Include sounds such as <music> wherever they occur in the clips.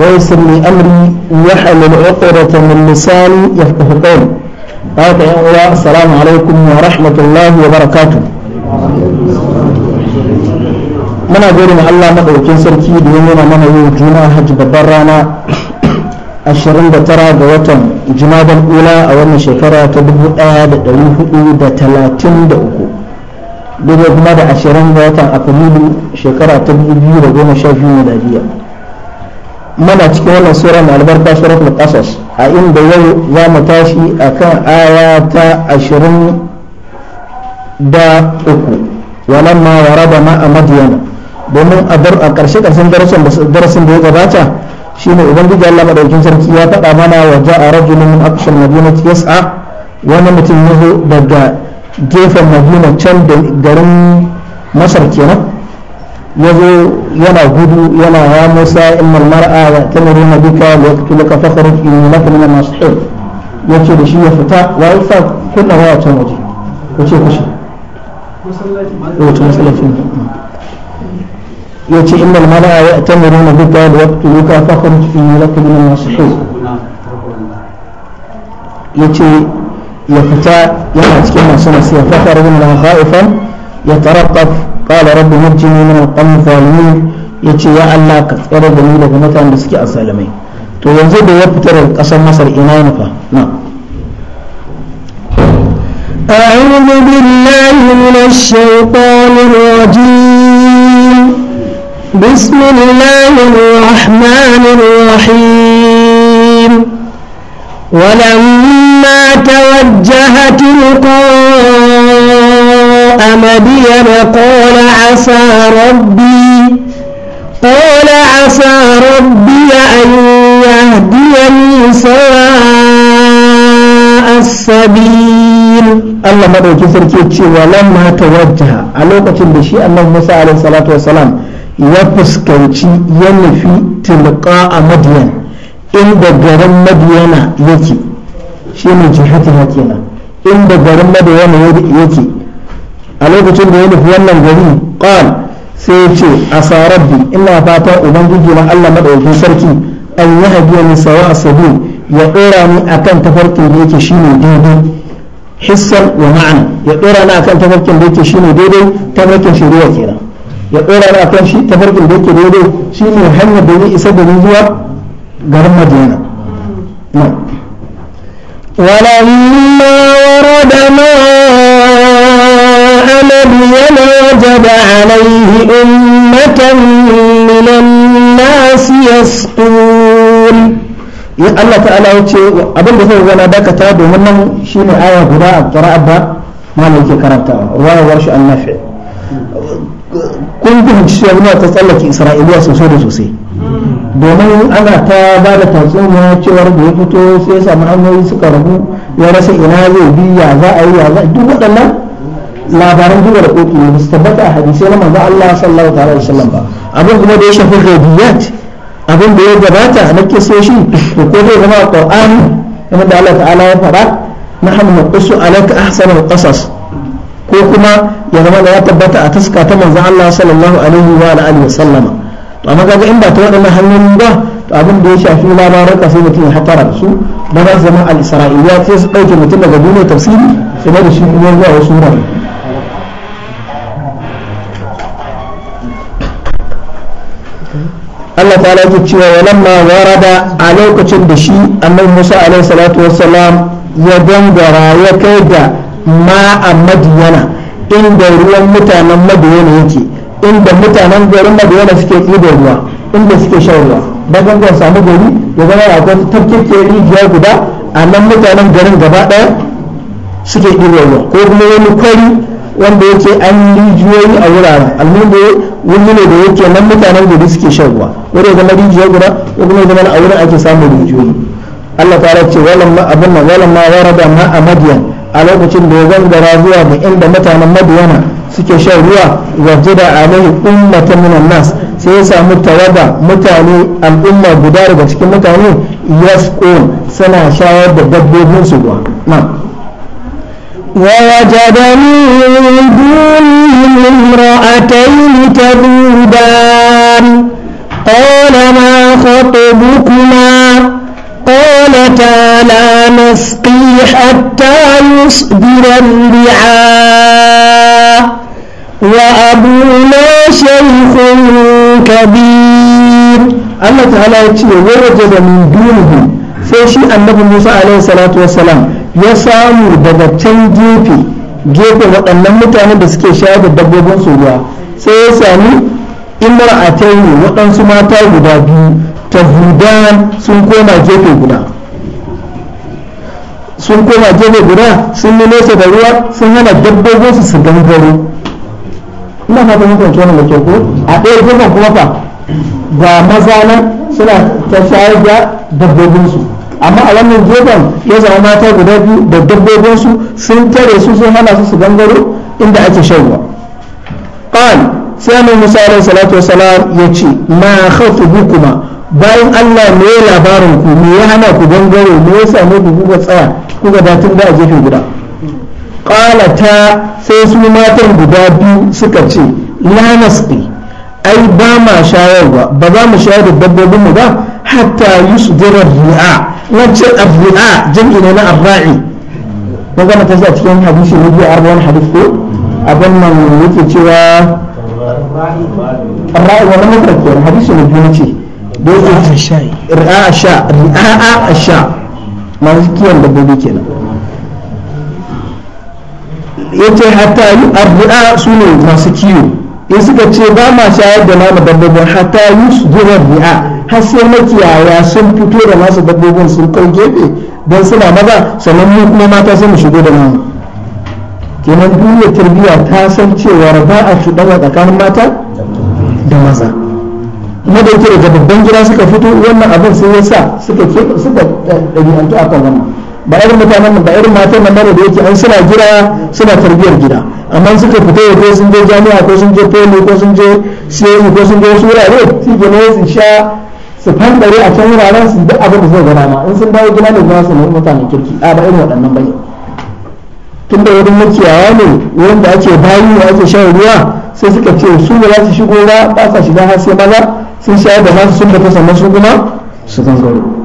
ويسر لي أمري واحلل عقدة من لساني يفقه قولي هذا يا السلام عليكم ورحمة الله وبركاته muna gode ma Allah madaukin sarki da ya nuna mana yau juna hajji babbar rana 29 ga watan jumadan ula a wannan shekara ta 1433 daidai kuma da 20 ga watan shekara ta 2012 miladiya mana cikin wannan sura mai albarka suratul qasas a inda yau za mu tashi akan aya ta ashirin da uku walan ma warada ma a madiyana domin a ƙarshe ƙarshen darasin da ya gabata shine idan Allah madaukin sarki ya faɗa mana wa ja'a rajulun min aqsal madinati yas'a wani mutum ya daga gefen madina can da garin masar kenan نبو ينا غدو ينا موسى إن المرأة يعتمرون بك ليقتلك فخرج إن لك من المصحيح يكي لشي يفتا وعفا كل هو يعتمر وشي كشي يكي إن المرأة يعتمرون بك ليقتلك فخرج إن لك من المصحيح يكي يفتا ينا تكينا سنسي فخرج لها خائفا يترقب قال رب نجني من القوم الظالمين yace ya Allah ka tsare da ni daga mutanen da suke asalamai to yanzu da ya fita Masar ina ne fa na أعوذ بالله من الشيطان الرجيم بسم الله الرحمن الرحيم ولما توجه تلقاء مدين قال عسى ربي قال عسى ربي أن يهديني سواء السبيل الله مدعوك سركيتش ولما توجه ألوكة بشيء الله موسى عليه الصلاة والسلام يفسكنشي ينفي تلقاء مدين inda garin madiyana yake shi ne jihati kenan inda garin madiyana yake a lokacin da ya nufi wannan gari qal sai ce asa rabbi ina fatan ubangiji na Allah madaukakin sarki an yahdiya ni sawa sabil ya dora ni akan tafarkin da yake shine daidai hissan wa ma'ana ya dora ni akan tafarkin da yake shine daidai tafarkin shari'a kenan ya dora ni akan shi tafarkin da yake daidai shine hanyar da ni isa da ni zuwa garin Madina ولما ورد ماء هدي وجب عليه أمة من الناس يسقون Allah ta'ala ya ce abin da zai zana dakata domin nan قراءة aya guda a qira'a ba malam ruwa karanta ruwaya warshi an-nafi kun إسرائيلية ta tsallake sosai domin ana ta ba da tatsuniya cewar da ya fito sai samu hanyoyi suka rabu ya rasa ina zai bi ya za a yi ya za duk waɗannan labaran duba da kotu ne su tabbata a hadisi na manzo Allah sallallahu ta'ala alaihi wasallam ba abin kuma da ya shafi radiyat abin da ya gabata na shi da ko zai zama qur'ani kuma da Allah ta'ala ya fara nahnu naqussu alaka ahsana alqasas ko kuma ya zama da ya tabbata a taska ta manzo Allah sallallahu alaihi wa alihi wasallama to amma kaga in ba ta waɗannan hanyoyin ba to abin da ya shafi labaran kasai mutum ya hatara su ba za su zama al-isra'iliyat sai su ɗauke mutum daga duniyar tafsiri sai da shi ne zuwa wasu wurare Allah ta'ala ke cewa walamma warada a lokacin da shi annabi Musa alaihi salatu wassalam ya gangara ya kai da ma a Madiyana inda ruwan mutanen Madiyana yake inda mutanen garin Madiyana suke tsibar ruwa inda suke shan ruwa da gangan samu gari ya zama akwai tafkeke rijiya guda a nan mutanen garin gaba daya suke ɗibar ruwa ko kuma wani kwari wanda yake an rijiyoyi a wurare almin da ne da yake nan mutanen gari suke shan ruwa wani zama rijiyar guda ko kuma zama a wurin ake samun rijiyoyi Allah ta ce walam ma nan ma ma a madiyan a lokacin da ya gangara zuwa da inda mutanen madiyana suke shan ruwa da alaihi ummatan minan nas sai ya samu tawada mutane al'umma guda daga cikin mutane yasqun suna shayar da dabbobin su ruwa ووجد من دونهم امرأتين تذوبان قال ما خطبكما قالتا لا نسقي حتى يصدر الرعاء وأبونا شيخ كبير الله تعالى يقول ووجد من دونهم sai shi annabi musa alaihi salatu wassalam ya samu daga can gefe gefe waɗannan mutane da suke shayar da dabbobin su ruwa sai ya sami imra'atayn waɗansu mata guda biyu ta tahudan sun koma gefe guda sun koma gefe guda sun yi nesa da ruwa sun hana dabbobin su su gangaro ina fata mun kwanci wannan da kyau ko a ɗaya gefen kuma fa ga maza nan suna ta shayar da dabbobinsu amma a wannan gefen ya zama mata guda biyu da dabbobinsu sun tare su sun hana su su gangaro inda ake shan ƙan sai mai Musa alaihi salatu wasalam ya ce ma kuma bayan Allah ne ya labarin ku me ya hana ku gangaro me ya same ku ga tsaya kuka datun da a gefe guda Ƙalata sai su matan guda biyu suka ce la ai ba ma shayarwa ba za mu shayar da dabbobin mu ba hatta yusdira ri'a wacce ar-ri'a jam'i ne na ar-ra'i gama ta cikin hadisi ne biyu arbawan hadith ko abin nan yake cewa ar-ra'i wannan mutum ke hadisi ne biyu ce da yake ri'a sha ri'a sha masu kiwon dabbobi kenan yace hatta yi ria masu kiwo in suka ce ba ma shayar da nama dabbobin hatta jiran bi'a har sai makiyaya sun fito da nasu dabbobin sun kai gefe don suna maza sannan mu kuma mata sai mu shigo da nama. kenan duniyar tarbiyya ta san cewa ba a cuɗanya tsakanin mata da maza kuma da yake daga babban gida suka fito wannan abin sai ya sa suka ɗabi'antu akan wannan ba irin mutanen mu ba irin matan nan da yake an suna gida suna tarbiyar gida amma suka fita ya ko sun je jami'a ko sun je polo ko sun je siyoyi e ko sun je wasu wurare su ke ne su sha su fandare a can wuraren su duk abin da zai gana ma in sun dawo gida ne za su nemi mutanen kirki a ba irin waɗannan bane tun da wurin makiyawa ne wurin da ake bayi da ake shan ruwa sai suka ce su ba za su shigo ba ba sa shiga har sai maza sun sha da su sun da ta sannan su kuma su zanzaro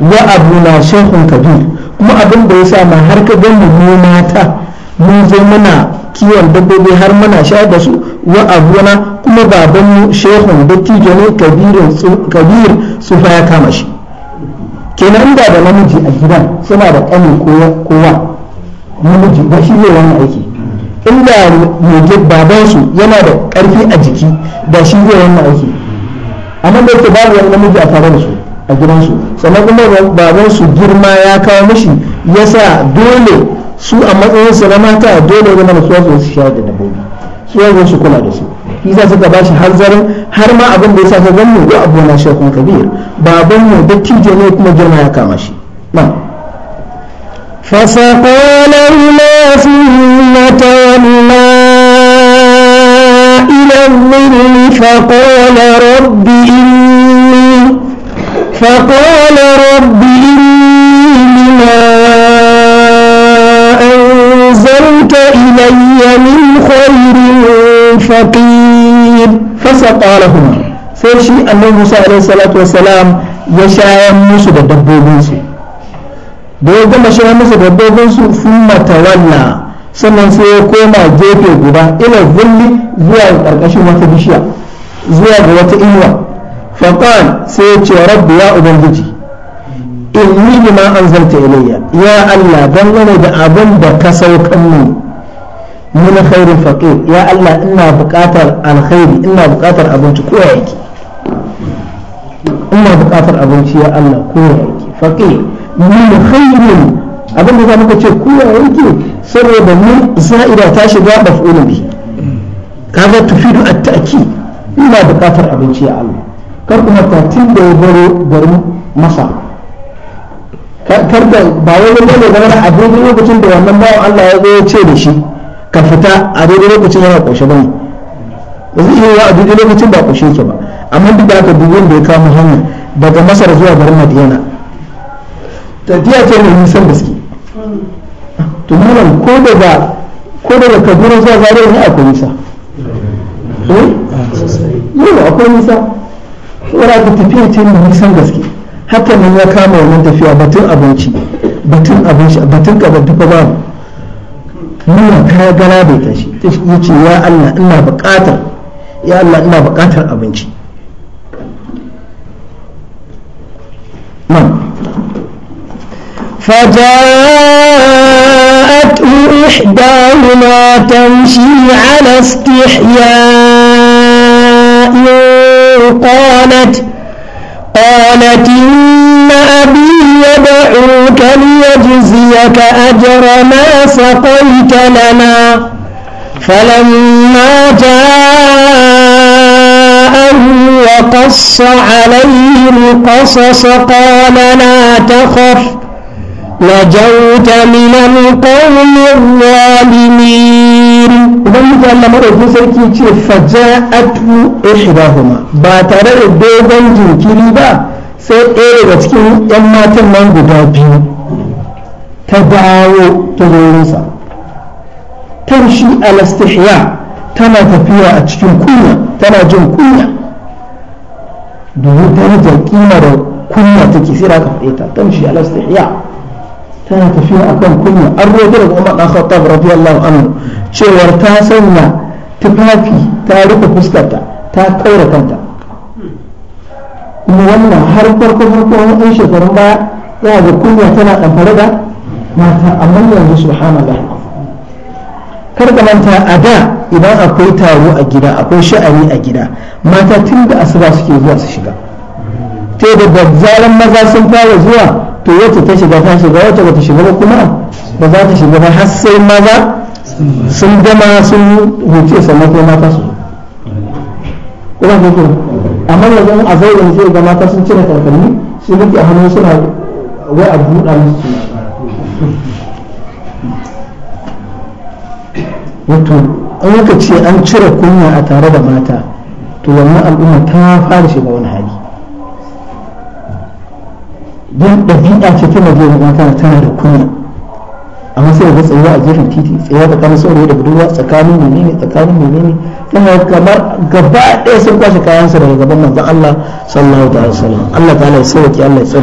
wa na shehun kabir kuma abin da ya sa ma har ka gani mu mata mun zo muna kiwon dabbobi har muna sha da su wa na kuma babanmu shekun dattijo ne kabir fa ya kama shi kenan inda da namiji a gidan suna da ƙanin kowa namiji ba shi ne wani aiki inda mai su yana da karfi a jiki ba shi ne wani aiki amma da yake babu wani namiji a tare da su a gidansu sannan kuma baban su girma ya kawo mishi yasa dole su a matsayin su na mata dole zama da suwa su shayar da dabbobi suwa su kula da su isa suka ba shi hanzarin har ma abin da ya sa ka gan mu abu na shekun kabir baban mu tije ne kuma girma ya kama shi na فسقى fi ثم ila إلى الظل فقال rabbi إني فقال رب إني لما أنزلت إلي من خير فقير فسقى لهما sai shi annabi Musa alaihi salatu wassalam ya shayar musu da dabbobinsu da ya gama shayar musu da dabbobinsu sun matawalla sannan sai ya koma gefe guda ila zulli zuwa ƙarƙashin wata bishiya zuwa ga wata inuwa faqal sai ya ce rabbi ya ubangiji inni bima anzalta ilayya ya Allah dangane da abin da ka saukan mu min khairin ya Allah ina buƙatar alkhairi ina buƙatar abinci ko yake ina buƙatar abinci ya Allah ko yake abin da muka ce ko yake saboda mun za'ida ta shiga maf'ulun bi kaga tufidu at-ta'kid ina buƙatar abinci ya Allah kar kuma tun da ya baro garin masa kar da ba wai ya baro garin a daidai lokacin da wannan bawan Allah ya zo ya ce da shi ka fita a daidai lokacin yana ƙoshe bane ba zai iya a daidai lokacin ba ƙoshe yake ba amma duk da aka dubi da ya kama hanya daga masar zuwa garin madina tafiya ce mai nisan gaske to nuna ko daga ko daga kaduna zuwa zaria ne akwai nisa eh akwai nisa saboda ka tafiya ce mai nisan gaske hatta nan ya kama wannan tafiya batun abinci batun abinci batun kabantu fa babu nuna kaya gara bai tashi ya ce ya Allah ina buƙatar ya Allah ina buƙatar abinci فجاءته إحداهما تمشي على استحياء قالت قالت إن أبي يدعوك ليجزيك أجر ما سقيت لنا فلما جاءه وقص عليه القصص قال لا تخف نجوت من القوم الظالمين ubangiji Allah madaukin sarki ce faja'atu ihdahuma ba tare da dogon jinkiri ba sai ɗaya daga cikin yan matan nan guda biyu ta dawo ta zo tamshi alastihya tana tafiya a cikin kunya tana jin kunya domin ta kima da kunya take sai da aka faɗe ta tamshi alastihya tana tafiya akan kunya an roƙi da kuma ɗan Khattab radiyallahu anhu cewar ta sanya tufafi ta rufe fuskarta ta kaura kanta kuma wannan har farko farko wani shekarun baya yana da kunya tana ɗanfare da mata amma yanzu subhanallah kar ka manta a da idan akwai taro a gida akwai sha'ani a gida mata tun da asuba suke zuwa su shiga ta da zaran maza sun fara zuwa to wacce ta shiga ta shiga wacce ba ta shiga ba kuma ba za ta shiga ba har sai maza sun gama sun huce sannan ko mata su kuma ko ko amma yanzu a zauren sai ga mata sun cire takalmi su muke a hannun suna wai a buɗa musu wato an ce an cire kunya a tare da mata to wannan al'umma ta fara shiga wani hali don ɗabi'a ce tana je wajen kana tana da kunya amma sai ga tsayuwa a gefen titi tsaye da kan saurayi da budurwa tsakanin menene tsakanin menene kana kamar gaba ɗaya sun kwashe kayansa daga gaban manzon Allah sallallahu alaihi wasallam Allah ta'ala ya sauke Allah ya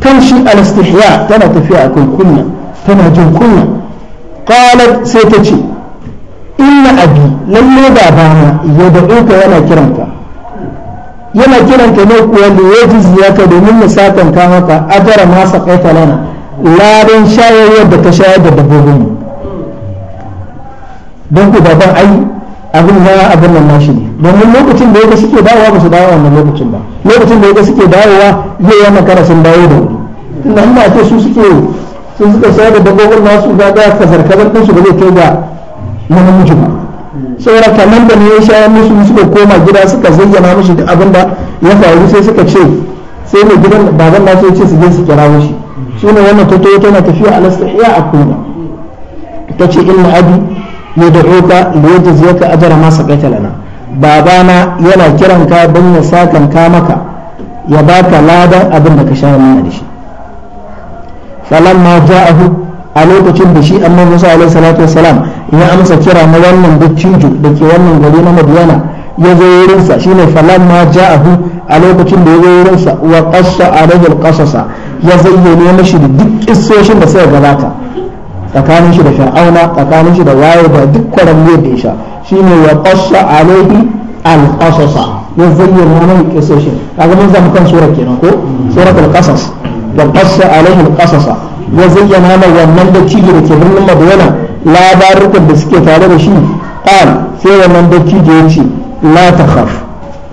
Kan shi al-istihya tana tafiya akan kunya tana jin kunya qalat sai ta ce inna abi lalle babana ya da'uka yana kiranka yana kiran ka ne kuwa da ya ji ziyarta domin mu sakanta maka ajara ma sa kai falana ladan shayarwar da ka shayar da dabbobin mu. don ku baban ai abin ya abin nan nashi ne domin lokacin da yake suke dawowa ba su dawo wannan lokacin ba lokacin da yake suke dawowa zai yana makara sun dawo da wuri tunda ina ce su suke sun suka shayar da dabbobin nasu ga ga kazar kazar din su ba zai kai ga namiji ba saboda kamar da ne ya sha musu suka koma gida suka zayyana mishi da abin da ya faru sai suka ce sai mai gidan baban na ce su je su kira mishi shi ne wannan ta toyo na tafiya a iya a kuma ta ce inna abi ya da'uka liyajziyaka ajra ma saqaita lana babana yana kiran ka don ya sakanka maka ya baka ladan abin da ka sha mana da shi falamma ja'ahu a lokacin da shi annabi Musa alaihi salatu wassalam ya amsa kira na wannan dattijo da ke wannan gari na Madiyana ya zo wurinsa shine falamma ja'ahu a lokacin da ya zo wurinsa wa qassa alaihi alqasasa ya zayyana mashi da duk kissoshin da suka gabata tsakanin shi da fir'auna tsakanin shi da waye da duk kwaran da ya sha shine wa qassa alaihi alqasasa ya zayyana mashi kissoshin kaga mun zama kan sura kenan ko suratul qasas wa qassa alaihim qasasa ya zayyana ma wannan da cijo da ke birnin madina labarukan da suke tare da shi qal sai wannan da cijo ya ce la ta takhaf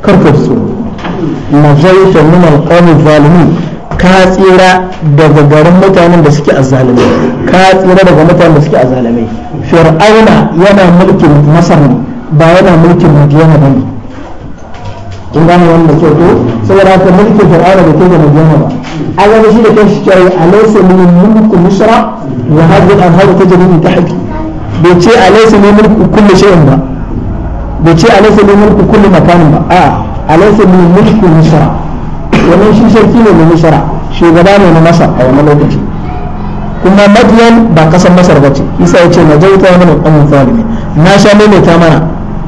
kar ka zai nazaita min alqawmi zalimin ka tsira daga garin mutanen da suke azzalimai ka tsira daga mutanen da suke azzalimai fir'auna yana mulkin masar ne ba yana mulkin madina ne. kun gane wanda kyau to saboda haka mulkin fir'auna da ke da madina ba an gaba shi da kanshi kyau a laisa min mulku misra wa hadhihi al-anharu tajri min tahti bai ce a laisa min mulku kulli shay'in ba bai ce a laisa min mulku kulli makanin ba a a laisa min mulku wannan shi sarki ne na misra shugaba ne na masar a wannan lokaci kuma madiyan ba kasar masar ba ce isa ya ce na jauta wani ƙwamin zalimi na sha ta mana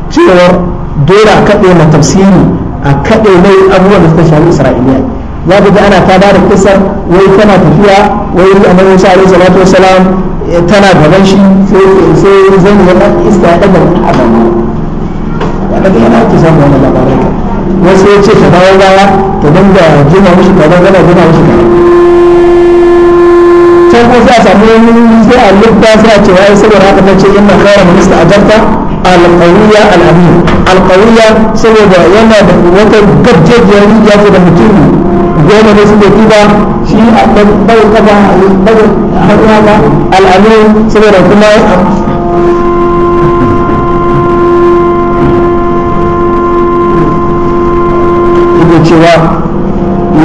cewar dole a kaɗe na tafsiri a kaɗe mai abubuwan da suka shafi isra'iliya za ka ji ana ta da kisan wai tana tafiya wai a annabi musa alaihi salatu wa salam eh, tana gaban shi sai zan yi ne iska ya daga a gaba ya daga yana ake samu wannan labarin wasu ya ce ta dawo gawa ta dinga gina mishi kaza gana gina mishi kaza can ko sai a samu sai a lubba sai a ce wai da haka ta ce inna khayra minista ajarta alƙawiya al'amin alƙawiya saboda yana da wata gajejiyar rijiya ce da mutum goma ne suke tuba shi a ɗan ɗaga kafa hanyar haka al'amin saboda kuma yake cewa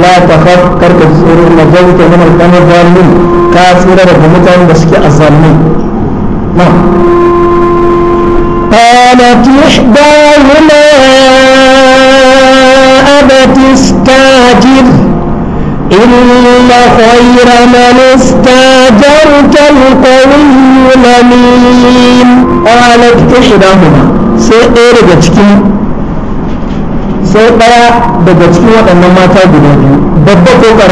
la ta khaf karka tsoro na jauta min al-qamar zalimin ka tsira daga mutanen da suke azzalimin na قالت إحداهما أبت استاجر إن خير من استاجرت القوي الأمين قالت إحداهما سيئر بتكين sai ɗaya daga cikin waɗannan mata guda biyu ko ga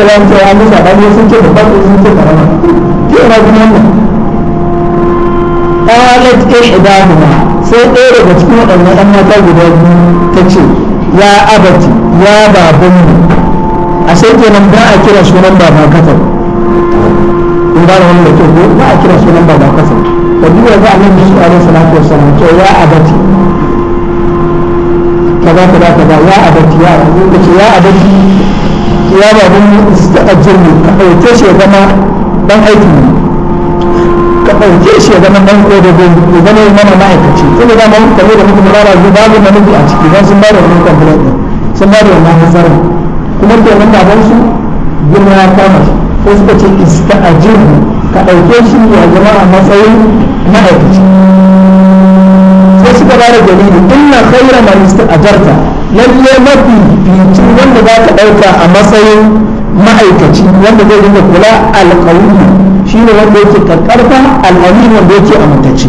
lafiya an yi saɓani sun ce babba sun ce ƙarama ke ina kuma qalat ihdahuma sai ɗaya daga cikin waɗannan ƴan mata guda biyu ta ce ya abati ya babanmu a sai kenan ba a kira sunan baba katar in ba da wanda ke ko ba a kira sunan baba katar da duk da annabi su alaihi salatu wassalam to ya abati kaza kaza kaza ya abati ya abati ya abati ya babanmu ista'ajirni ka ɗauke shi ya zama dan aiki ne ka ɗauke shi ya zama nan ko da bai ya zama mana ma'aikaci sai da dama muka da muka mara zuwa babu namiji a ciki don sun bada wannan kwamfulan ɗin sun bada wannan hanzarin kuma kenan baban su girma ya kama shi sai suka ce iska a jirgi ka ɗauke shi ya zama a matsayin ma'aikaci sai suka ba da dalili inna khaira man ista'jarta lalle mafi bicin wanda za ka ɗauka a matsayin ma'aikaci wanda zai dinga kula alƙawuni ne wanda yake karkarfa al'amin wanda yake amintacce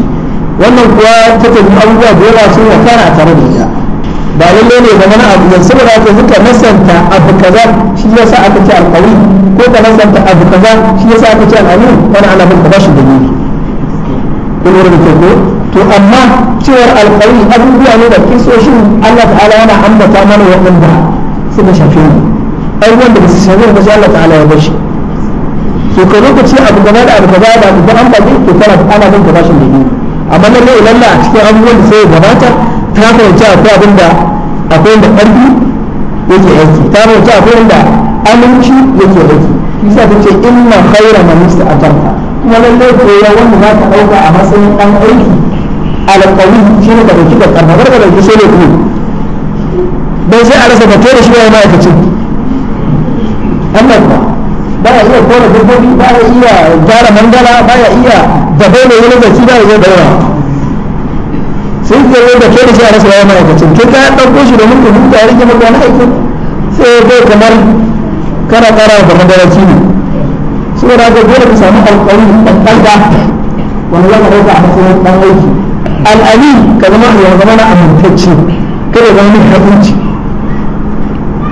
wannan kuwa ta tafi abubuwa da yawa sun wakana a tare da ita ba lallai ne zama na abu yanzu ba za suka nasanta abu kaza shi ya sa aka ce alƙawi ko ka nasanta abu kaza shi ya sa aka ce al'amin wani ana bin ka ba shi dalili kun lura da ko to amma cewar alƙawi abubuwa ne da kisoshin Allah ta'ala yana ambata mana waɗanda suka shafe mu abubuwan wanda ba su shafe ba sai Allah ta'ala ya bar shi to ka zo abu gaba da abu gaba da abu an baje to kana ana bin ka bashin da ni amma lalle lalla a cikin abubuwan da sai gabata ta fahimci akwai abin da akwai da ƙarfi yake aiki ta fahimci akwai da aminci yake aiki bisa ta ce inna khaira man ista'atarka kuma lalle ko ya wanda za ka dauka a matsayin dan aiki alƙawi shi ne ka dauki da karfa kar ka dauki sai ne ku dan sai a rasa ka tere shi ya ma'aikacin Allah baya iya kora dabbobi baya iya gyara mangala baya iya dabai mai wani gaci baya iya daura sai ke yi da ke da shi a rasa yawan ma'aikacin ke ka ɗauko shi domin ka huta ya rike maka wani aikin sai ya bai kamar kana ƙara da madaraci ne saboda haka dole ka samu da ɗan ɗanɗa wani za ka ɗauka a matsayin ɗan aiki al'ali ka zama ya zama na amintacce kada zama mai hakunci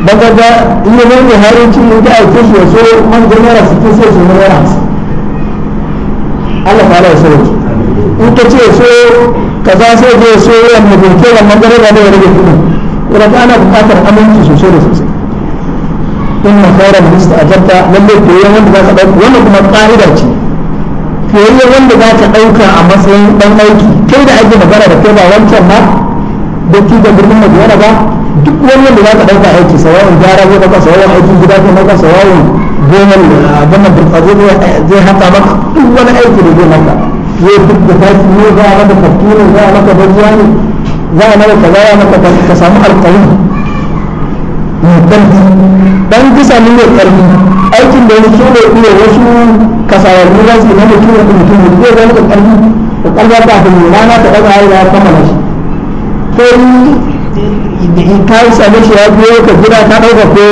don kaga in ya zama mai harin cin da aike shi ya so man naira sittin sai su yana su Allah ta'ala ya sauke in ka ce so kaza sai je so wannan doke wannan gare da ya rage kuɗi kuma ana buƙatar aminci sosai da sosai in na fara da lista ajabta lalle koyon wanda za ka ɗauka wannan kuma ƙa'ida ce koyon wanda za ka ɗauka a matsayin ɗan aiki kai da ake magana da kai ba wancan ba da ki da birnin madiyana ba duk wannan da za ka ɗauka aiki sawa'in gyara zai ɗauka sawa'in aikin gida zai ɗauka sawa'in gonar abin da burtsatse zai haka maka duk wani aiki da zai maka ya duk da taki ne za a maka kaftu za a maka bajiya ne za a maka kaza ya maka ka samu alƙawi mai ƙarfi dan ki ne mai ƙarfi aikin da ya so ne ne wasu kasawarni za su yi na mutum da mutum da zai zama da ƙarfi da ƙarfi ta fi nuna na ta ɗaga ya kammala shi ka same shi ya biyo ka gida ka ɗauka ko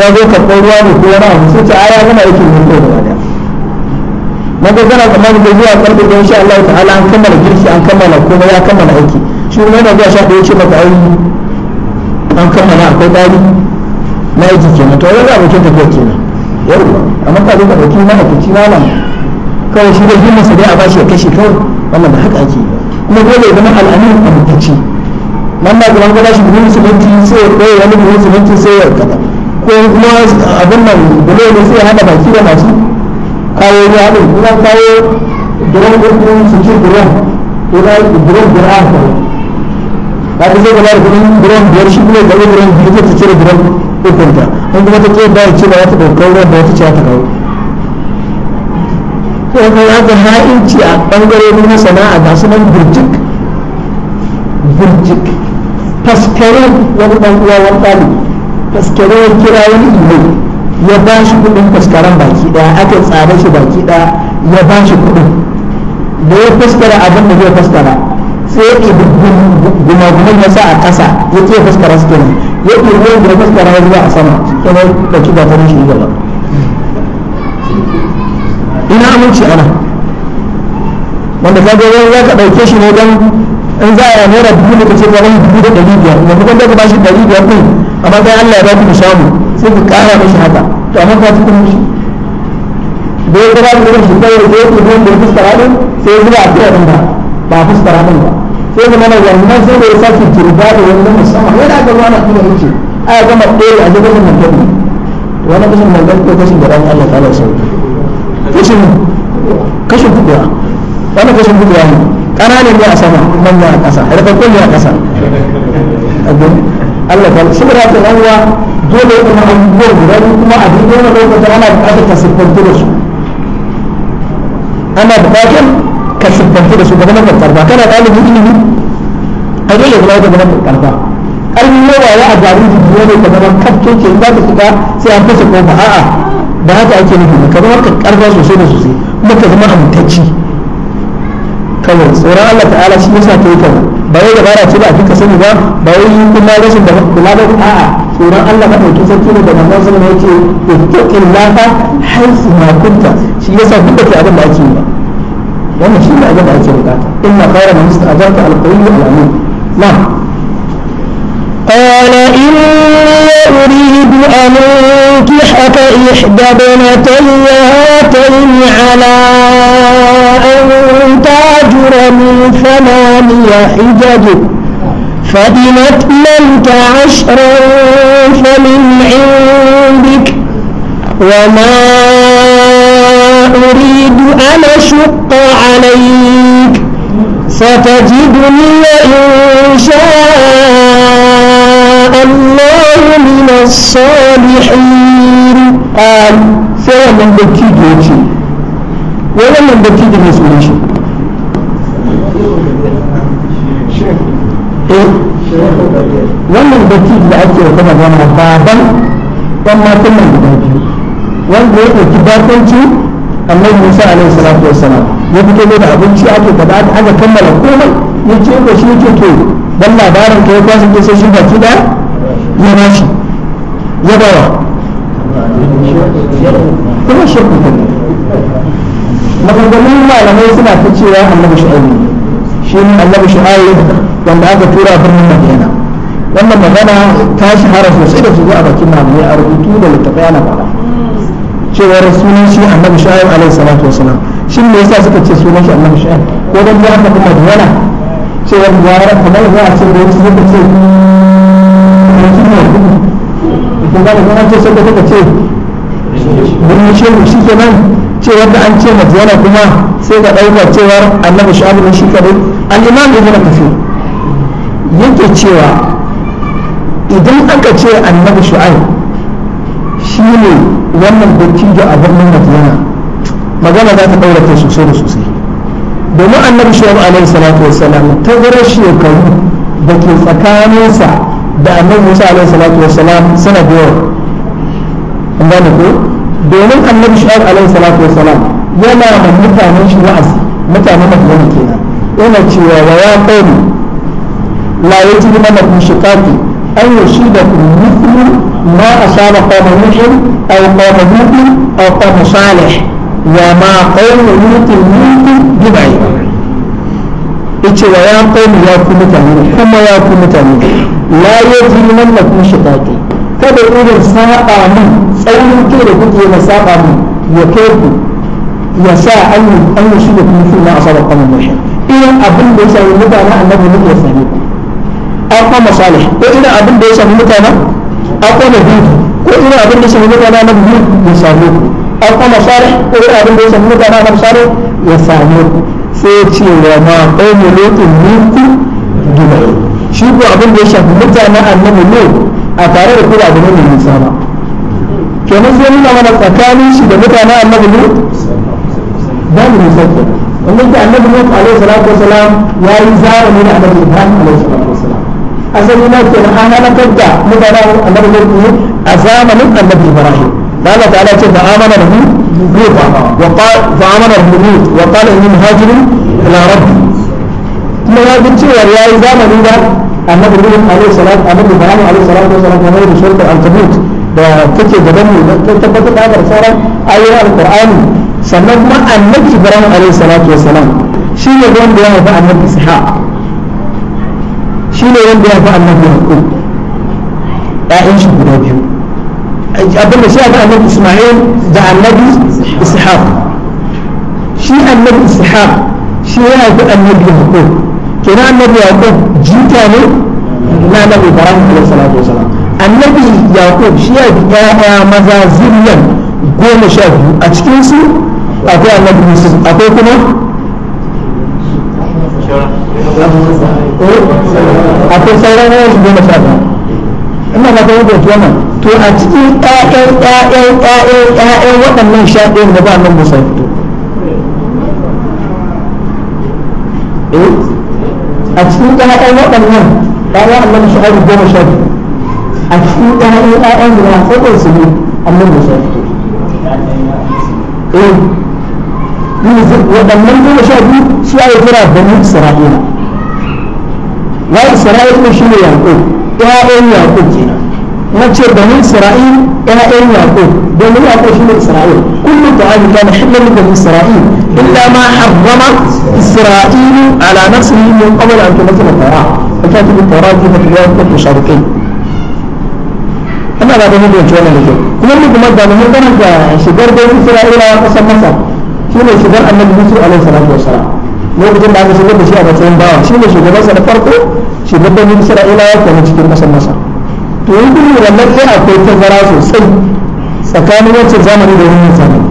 ya zo ka ruwa ne ko wani abu sai ce a ya gama aikin ne ko gaba daya wanda gana tsammanin da zuwa karfe don sha Allah ta'ala an kammala girki an kammala kuma ya kammala aiki shi kuma yana zuwa sha ɗaya ce maka ai an kammala akwai ɗari na aiki kenan to wani abokin tafiya kenan yawwa amma ka zo ka ɗauki mana kici malam kawai shi da himmasa dai a bashi ya kashe kawai wannan da haka ake kuma dole ya zama al'amin amintacci nan da kuma kuma shi buhun siminti sai ya koya wani siminti sai ya kaza ko kuma abin nan bulo ne sai hada baki da masu kawo ruwa haɗin kuma kawo duron ɗin su ce duron kuma duron duron haka ba ta zai gaba da kudin duron biyar shi kuma gaba duron biyu ta cire duron ukunta in kuma ta ce ba ya ce ba ta ɗaukar ruwan da wata ce ta kawo ko kuma ya ga ha'inci a ɓangarorin sana'a ga su nan burjik burjik faskare wani ɗan uwa wani ɗalibi faskare ya kira wani imai ya ba shi kuɗin faskaren baki ɗaya aka tsare shi baki ɗaya ya ba shi kuɗin da ya faskara abin da zai faskara sai ya gumaguman ya sa a ƙasa ya ce faskara su kenan ya ɗi ruwan da ya faskara ya zuwa a sama kuma ya ɗauki ba ta shi gaba ina aminci ana wanda ka wani za ka ɗauke shi ne don in za a naira dubu da kace ka rai dubu da ɗari biyar yanzu kun ba shi ɗari biyar ɗin amma dai Allah ya ba ku samu sai ku ƙara mashi haka to amma ka tukun shi da ya gaba da shi kawai da ya kuma da fuskara ɗin sai zuba a kai ɗin ba ba fuskara ɗin ba sai kuma na yanzu nan sai da ya saki jirga da wani musamman yana ga ruwa kuma yake a ya gama ɗaya a jirgin lantarki wani kashin lantarki ko kashin da Allah ta lasauki kashin kashin wannan ko sun buɗe ne ne a sama manya a ƙasa rikakkun ne a ƙasa Allah ta saboda haka nan uwa dole ya kuma abubuwan guda kuma a duk wani lokacin ana buƙatar ka siffanta da su ana buƙatar ka siffanta da su ga nan karba kana ilimi a dole ka ga nan karba ƙarfin yawa ya a jariri ne ne ka zama kafke ke za shiga sai an fasa a'a da haka ake nufi ka zama ka karba sosai da sosai kuma ka zama amintacci kawai tsoron Allah ta'ala shi yasa ta yi kawai ba wai dabara ce ba kika sani ba ba wai yi kuma rashin da kula ba a'a tsoron Allah ka dauki sarki ne da manzon sallallahu alaihi wasallam yake ittaqillaha haythu ma kunta shi yasa duk da ke abin da ake yi ba wannan shi ne abin da ake bukata inna khayra man ista'jarta al-qawiyyu al-amin na'am قال إني أريد أن أنكحك إحدى بنتي هاتين على الحجج فإن أتممت عشرا فمن عندك وما أريد أن أشق عليك ستجدني إن شاء الله من الصالحين قال سلام من بكيد وجهي ولا من بكيد مسؤولين wannan bacci da ake wata magana baban ɗan matan nan guda biyu wanda ya ɗauki bakonci amma musa alaihi salatu wa salam ya fito da abinci ake gaba aka kammala komai ya ce ko shi yake to ban labarin ka ya kwasa ke sai shi baki da ya bashi ya bawa kuma shirku ne maganganun malamai suna ta cewa annabi shu'ayi shi ne annabi shu'ayi wanda aka tura birnin madina wannan magana ta shahara sosai da sosai a bakin malamai a rubutu da littafai ana fara cewar sunan shi annabi shu'aib alaihi salatu wasalam shin me yasa suka ce sunan shi annabi shu'aib ko dan ya faɗi madiyana cewar ziyara kamar za a ce da wasu suka ce ko da kuma ce sai suka ce mun yi shehu shi kenan cewar da an ce madiyana kuma sai ka ɗauka cewar annabi shu'aib ne shi kadai al-imam ibn kafir yake cewa idan aka ce annabi shu'aib shi ne wannan dattijo a birnin madina magana za ta ɗaura kai sosai da sosai domin annabi shu'aib alaihi salatu wassalam tazarar shekaru da ke tsakaninsa da annabi musa alaihi salatu wassalam suna da yawa an gane ko domin annabi shu'aib alaihi salatu wassalam yana da mutanen shi wa'azi mutanen madina kenan yana cewa wa ya qawmi la yajrimannakum shiqaqi أي يصيبكم مثل ما أصاب قوم نوح أو قوم لوط أو قوم صالح وما قوم لوط منكم ببعيد. إتي ويا قوم يا قوم تعملون ثم يا قوم تعملون لا يظلمنكم شقاقي. كذا يقول ساقا من سألوا كيف قلت لنا ساقا من يا يساء أن أي يصيبكم مثل ما أصاب قوم نوح. إذا إيه أبن بيسأل أنا النبي لم يفهمكم. akwai masalih ko irin abin da ya shafi mutanen akwai na biyu ko irin abin da ya shafi mutanen na biyu ya samu akwai masalih ko irin abin da ya shafi mutanen na misali ya samu sai ce wa ma qawmu lutin minkum shi ko abin da ya shafi mutanen annabi ne a tare da kula da nisa ba kenan sai nuna mana tsakanin shi da mutanen annabi ne ba mu nisa ke annabi ne alaihi salatu wasalam zamani annabi ibrahim alaihi salatu wasalam asali na kenan an halakar da mutanen annabi zai a zamanin annabi ibrahim da Allah ta'ala ce fa amana lahu lut wa qala fa amana lahu lut wa qala inni muhajirun ila rabbi kuma ya bi cewa yayi zamanin da annabi lut alaihi salam annabi ibrahim alaihi salam da salam kamar da shirka al-kabut da take gaban mu ta tabbatar da haka sauran ayoyin alqur'ani sannan kuma annabi ibrahim alaihi salatu wa salam shi ne wanda ya haifi annabi ishaq ne wanda ya fi annabi yaqub ƴaƴan shi guda biyu abin da shi ya fi annabi isma'il da annabi ishaq shi annabi ishaq shi ya annabi annabi jita ne na annabi ibrahim alaihi salatu wasalam annabi yaqub shi ya fi ƴaƴa maza zuriyan goma sha biyu a cikinsu akwai annabi yusuf akwai kuma akwai sauran wasu goma sha ɗaya ina ba ta da wannan to a cikin ƴaƴan ƴaƴan ƴaƴan ƴaƴan waɗannan sha ɗaya da ba nan musa fito eh? a cikin ƴaƴan waɗannan ƴaƴan annabi shu'aibu goma sha biyu a cikin ƴaƴan ƴaƴan da na tsakon su ne annabi musa fito eh? waɗannan goma sha biyu su ake kira bani isra'ila wa isra'il shi ne yaqub ya'yan yaqub kenan na ce bani isra'il ya'yan yaqub domin yaqub shi ne isra'il kullu ta'am kana hilal li bani isra'il illa ma harrama isra'il ala nafsihi min qabl an tunzila at-taurah fa katibu at-taurah fi riwayat musharikin ana ba da mutum wannan da kyau kuma mu kuma da mun karanta shigar da isra'ila a kasar masar shine shigar annabi musu alaihi salatu wasalam lokacin da aka shigar da shi a matsayin bawa shi ne sa na farko shugaban isra'ila ya kuma cikin ƙasar masa to yi kun lura lalle akwai tazara sosai tsakanin wancan zamani da wannan zamani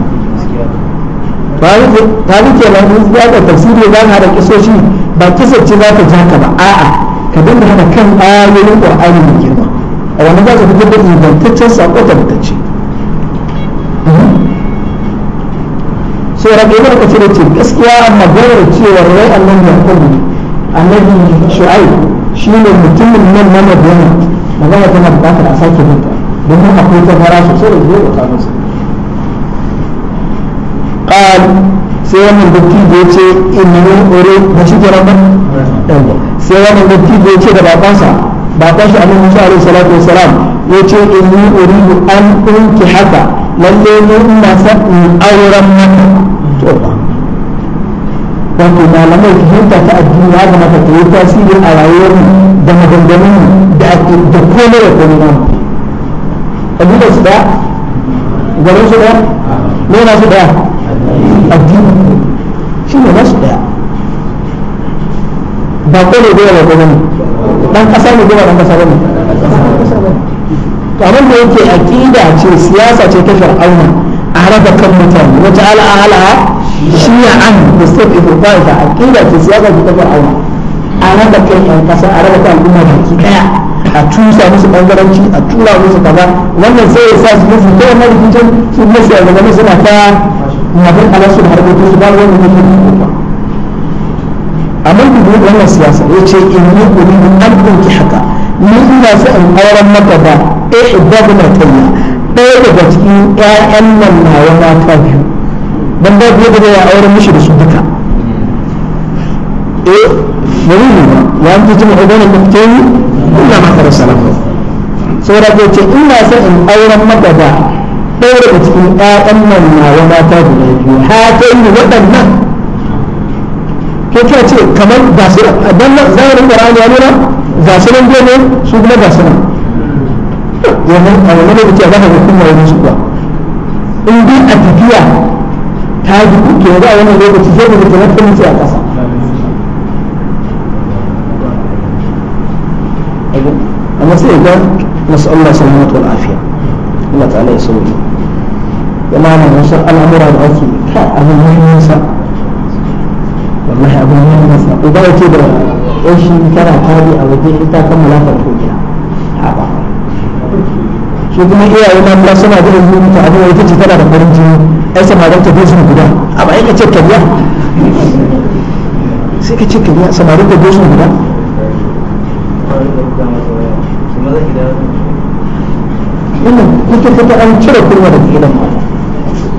ta bi kenan in za ka tafsiri za ka haɗa kisoshi ba kisanci za ta ja ka ba a'a ka dinga haɗa kan ayoyin ƙur'ani mai girma a wani za ka fitar da ingantaccen saƙo tabbatacce to rabe da kace da ce gaskiya maganar cewa wai annabi yaqub annabi shu'aib shine mutumin nan na madina magana tana bukatar a sake binta domin akwai tazara sosai da zuwa ta musu qal sai wannan dattijo ya ce inni da shi ke rabar sai wannan dattijo ya da babansa baban shi annabi musa alaihi salatu wassalam ya ce uridu an unki haka lalle ne ina son in auren mata al'umma wato malamai fahimta ta addini ya zama ta yi tasiri a rayuwar da maganganun da da komai da komai na abin da su da garin su da nuna su da addini shi ne nasu da ba kone da yawa ba ne dan kasa ne da dan kasa ba ne to abin da yake aqida ce siyasa ce ta fir'auna a raba kan mutane wata ala'ala shi'an mustaqbilu qaifa aqida ce siyasa ta fir'auna a raba kan yan kasa a raba kan al'umma baki daya a tusa musu bangaranci a tura musu kaza wannan sai ya sa su musu ko wannan rikicin su ne su yanzu suna ta mafin alasu da harkoki su ba wani wani ne ba amma ku duk wannan siyasa ya ce in ni kuri ni an ɗauki haka ni ina so in auren maka da eh ibadu na tayya ɗaya daga cikin ƴaƴan nan nawa mata biyu dan babu yadda zai auren mishi da su duka eh bari ne ba ya mutu jama'a ubanin muktani illa ma kare salamu saboda ko ce ina son in auren maka da ɗaya da cikin ƴaƴan nan nawa mata guda biyu ha ta yi waɗannan ko kya ce kamar ga su dan nan zahirin qur'ani ya nuna ga su nan dole su kuma ga su nan domin a wannan lokaci a zaka ga kuma wani su ba in dai a tafiya ta jiku ke yanzu a wannan lokaci sai da mutum ta mutu a ƙasa amma sai ga nasu Allah salamat wal afiya Allah ta'ala ya sauri yana nan wasu al'amura da ake ka abin muhimmansa wallahi abin muhimmansa uba ya ce da yashi tana tari a waje ita kammala farko gida haɓa shi kuma iyaye mata suna da yanzu mutane wata ce tana da farin jini ai samarin ta dozu guda a ba ka ce kariya sai ka ce kariya samarin ta dozu guda ina kuka kuka an cire kurma da gidan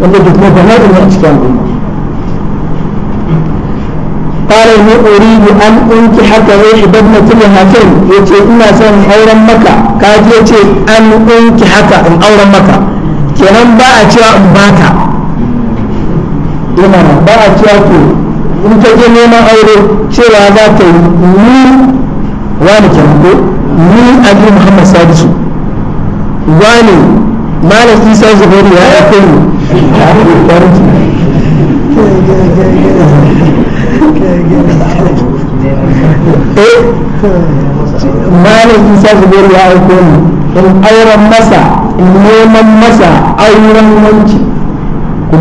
wanda duk ma bana da a cikin al'umma قال إني أريد أن أنكح ina son auren يتي إنا سن أورا مكة قال يتي أن maka kenan أورا مكة كنن باع yana ba a cewa in ta je neman aure cewa za ta yi ni wani kenan ko ni ali muhammad sadisu wani malam isa zubairu ya ya kai eh, malam isa zubairu ya aiko ni in auren masa neman masa auren wanci ku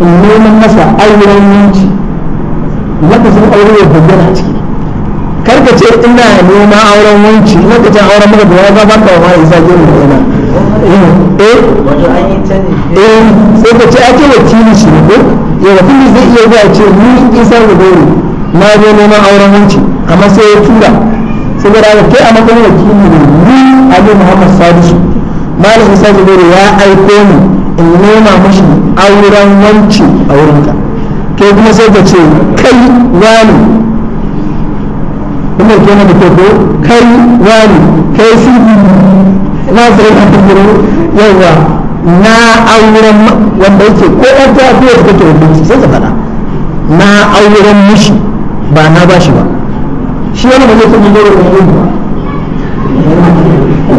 in neman masa auren yanci lokacin aure ya bayyana a ciki karka ce ina noma auren wanci lokacin auren maka da wani ba ka ma isa ke mu kenan eh eh. eh sai ka ce ake da wakili shi ne ko ya wakili zai iya zuwa ce ni isa da gori na zo neman auren wanci amma sai ya tura Sai saboda haka kai a matsayin wakili ne ni ali muhammad sadisu malam isa da gori ya aiko ni in nema mashi auren wanci a wurinka ke kuma sai ka ce kai wani kuma ke na da kai wani kai su na zai ka tukuru yawa na auren wanda yake ko ɗan ta fiye da kake hukunci sai ka faɗa na auren mushi ba na ba shi ba shi wani ba zai kuma yi da wani ba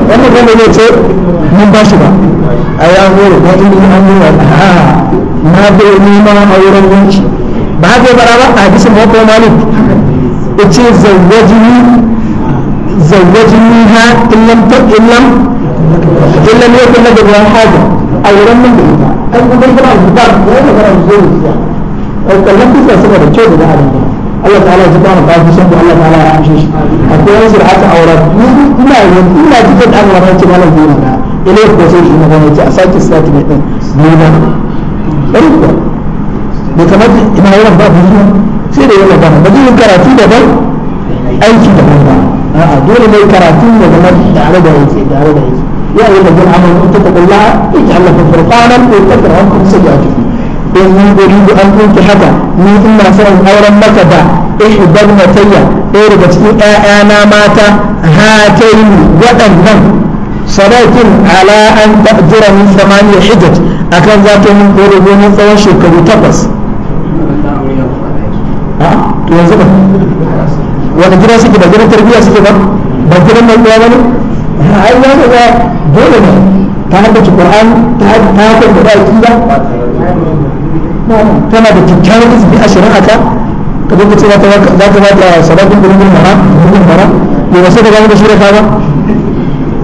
wanda kuma zai ce mun ba shi ba أيامور وإني أمور ها آه. ما بيني ما أورمج بعد برابر حديث آه، موطن مالك إتي زوجني زوجني إن لم إن لم إن لم يكن لديها حاجة أورمج أنا بقول لك أنا بقول لك أنا بقول لك أو كلمت في أسرة بتشوف ده الله تعالى سبحانه وتعالى بسم الله تعالى يعيش أكون أنزل حتى أوراد لا لا تفت أمر ما تبغى له ina ya kuwa sai shi ce a sake sati mai ɗin nuna ɗari kuwa da kamar ina yawan ba biyu sai da yawan ba ba zai karatu daban aiki daban ba a'a dole mai karatu da zama tare da aiki tare da aiki يا أيها الذين آمنوا اتقوا الله اجعل لكم فرقانا واتقوا ربكم سيئاتكم إن أريد أن أنكحك من إما سأل أورا لك دا إحدى ابنتي إرجت إيه أنا مات هاتين وأنا sadakin ala an ta'jira min thamani hijaj akan za ta mun dore gonin tsawon shekaru takwas to yanzu ba wani gida suke ba gidan tarbiyya suke ba ba gidan mai ɗaya ba ne ai ya ga dole ne ta haddace qur'an ta haddace da aqida tana da kyakkyawar izini a shari'a ta ka zo ka ce za ta ba ta sadakin gurbin mara gurbin mara ne ba sai ka gano da shirya ta ba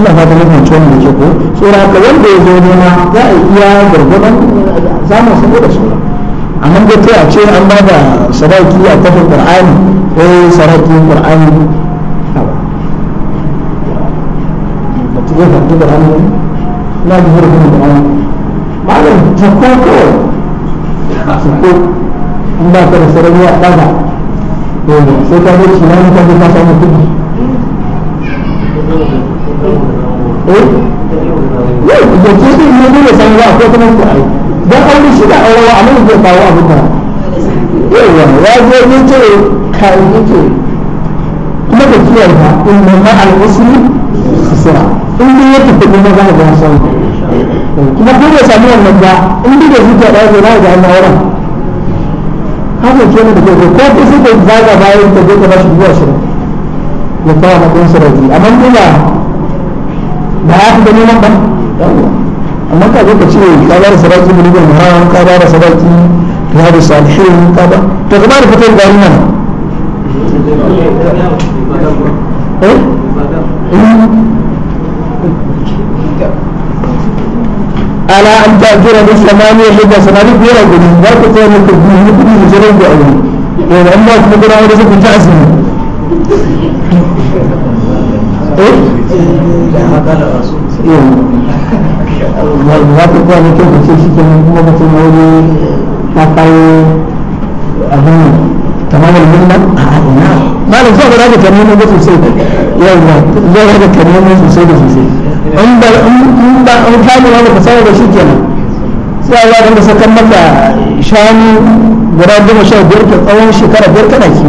ina fata ko tsora ka wanda ya zo nema za a iya gurgurdan zamu san da su amma da ta a ce an bada sadaki a kafin qur'ani ko sadaki qur'ani malam in ba ka da sarari a eh, sai ka zo ka ka samu yau eh? da ke din ne dole san ba ko kuma ku ai shi da aure wa amma zai kawo abin da yau ya ne ce kuma da kiyar ba in ma ma al in ne yake kudi ma ga san kuma ko da wannan ba in da zuciya da na ga Allah wannan haka ke ne da ko zaga bayan zuwa ya kawo na sarari amma ba ya fi gani ba amma ka zo ka ce ka ba da sadaki bulugul haram ka ba da sadaki riyadu salihin ka ba to ka ba da fitar gari nan eh? eh ala an ta'jura bi samani hidda sanadi biyar a gudu za ku tsaye muku biyu kudi da jiran da ta azumi za ta kuwa da kyau ce shi ke kuma mutum na wuri ta kawo abin kamar da minna malam zuwa ga kalmomi da sosai yawa zuwa ga kalmomi sosai da sosai in ba in ba in ka lura da fasaha da shi kenan sai Allah ya dinga sakan maka shanu guda goma sha biyar ka tsawon shekara biyar kana ki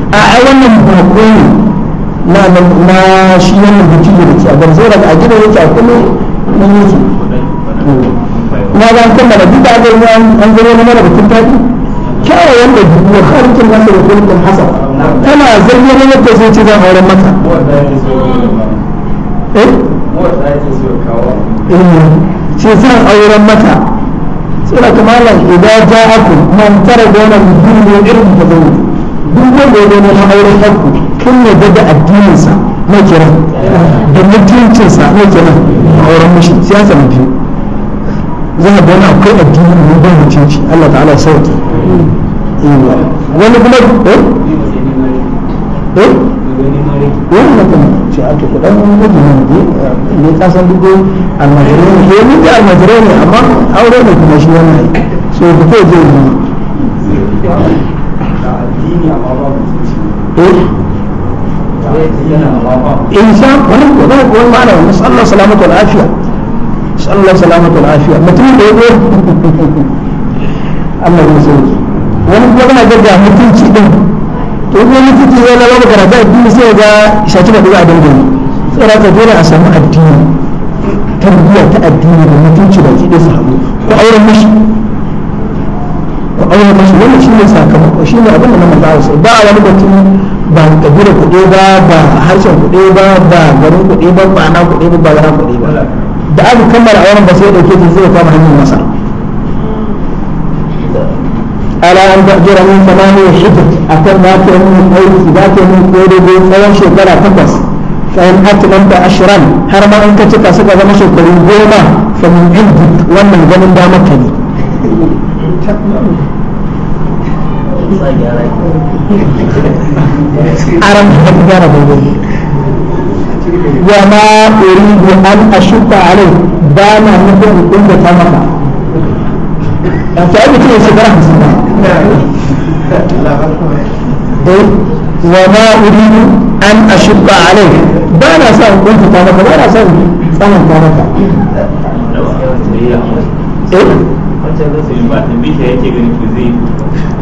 a wannan bako ne na na shi wannan da ke a banzora a gidan yake a kuma nan yake na duk da an zama na tafi da duk da kullum kana da zai ci zan auren maka eh? eh ce zan auren mata sai da kamalan idan ja'akum man irin da zai duk wanda ya zama na auren ɗanku kun yarda da addininsa na kira da mutuncinsa na kira auren mashi siyasa na biyu za a gani akwai addini ne ban mutunci Allah ta'ala sauki wani kuma eh eh wani mutum ce a tuku dan mijinin ne ne kasan duk almajirai ne ke eh, mutu almajirai ne amma aure ne kuma shi wani so ku ko zai yi in sha kwanin mana wani sallar lafiya sallar lafiya mutum da ya <laughs> Allah ya sauki wani kuma kana mutunci din to kuma mutunci zai na babu addini sai ga shaci da duka a dangane tsara ka dole a samu addini tarbiyya ta addini da mutunci baki da ko auren mashi ne sakamako shi ne abin da na manzo sai ba wani batun ba kabilar kuɗi ba ba harshen kuɗi ba ba garin kuɗi ba ba na kuɗi ba ba garin kuɗi ba da aka kammala a wurin ba sai dauke ta zai kama hannun masa. ala an ta'jira min thamani hijr akan da ta yi aiki da ta yi kodo da tsawon shekara takwas fa in atmanta ashran har ma in ka cika suka zama shekaru goma fa min indi wannan ganin damar ka ne aram da gyara daidai wa ma uridu an ashqa alai ba na nufin hukun da ta maka ba ta yi mutum ya shekara hamsin ba eh, wa ma uridu an ashqa alai ba na sa hukun kunta ta maka ba na sa hukun in tsananta maka eh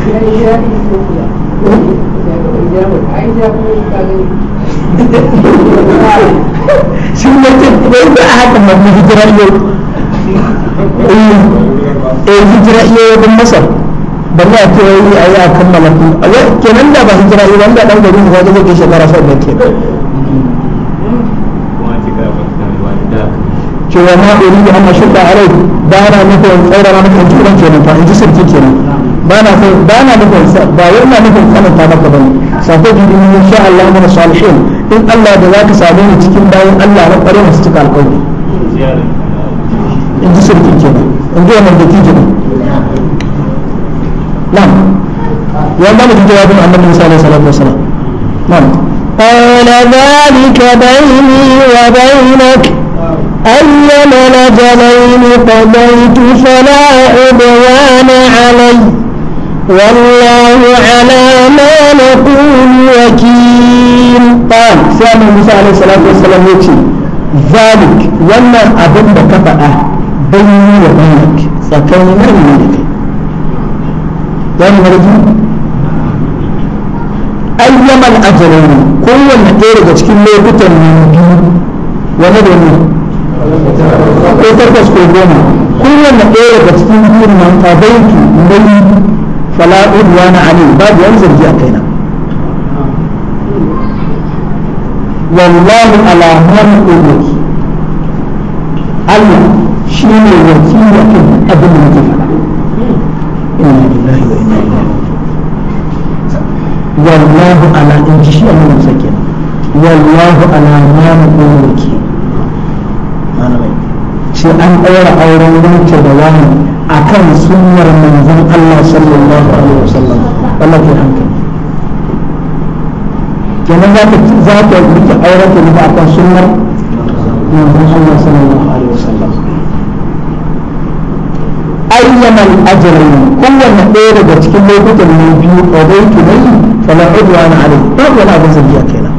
shi ne bai ba a haka mafi hijirar yau eh hijirar yau don masar ba na ta yi a yi a kammala kenan da ba hijirar yau wanda dan gari ne wanda zai shekara sha biyar ke cewa ma ɗori da amma shudda a rai da ana nufin tsaurara nufin jiran kenan ta in ji sarki kenan بانا نفل باورنا نفل فانتا مكبر ستجد إن شاء الله من الصالحين إن الله دلاك سعبين تكين باور الله نقرين استقال قولي إن جسر كي جنة إن جوة من دكي جنة نعم يوم بانا جواب محمد صلى الله عليه وسلم نعم قال ذلك بيني وبينك أيما لجلين قضيت فلا عدوان عليّ والله على ما نقول وكيل طيب سيدنا موسى عليه الصلاة والسلام يقول ذلك ولا أبن كفأة بيني وبينك سكن من منك يعني مرجو أيما الأجرين كل من تيرك تشكيل لوكتا من بيو ومدني ko takwas ko goma kowanne ɗaya daga cikin biyu nan a baiki mai fala udwana ani babu wani zargi a kaina wallahu ala hamdulillah Allah shi ne wakili abin da muke faɗa inna lillahi wa wallahu ala in shi Allah musa wallahu ala sai an ɗaura auren wancan da wani akan sunnar manzon Allah sallallahu alaihi wasallam Allah ke hankali kenan za ta za ta rike aurata ne akan sunnar manzon Allah sallallahu alaihi wasallam ayyama al-ajrayn kowanne ɗaya daga cikin lokutan ne biyu ko qadai tunai fala udwana alaihi babu wani abin zuriya kenan ala ko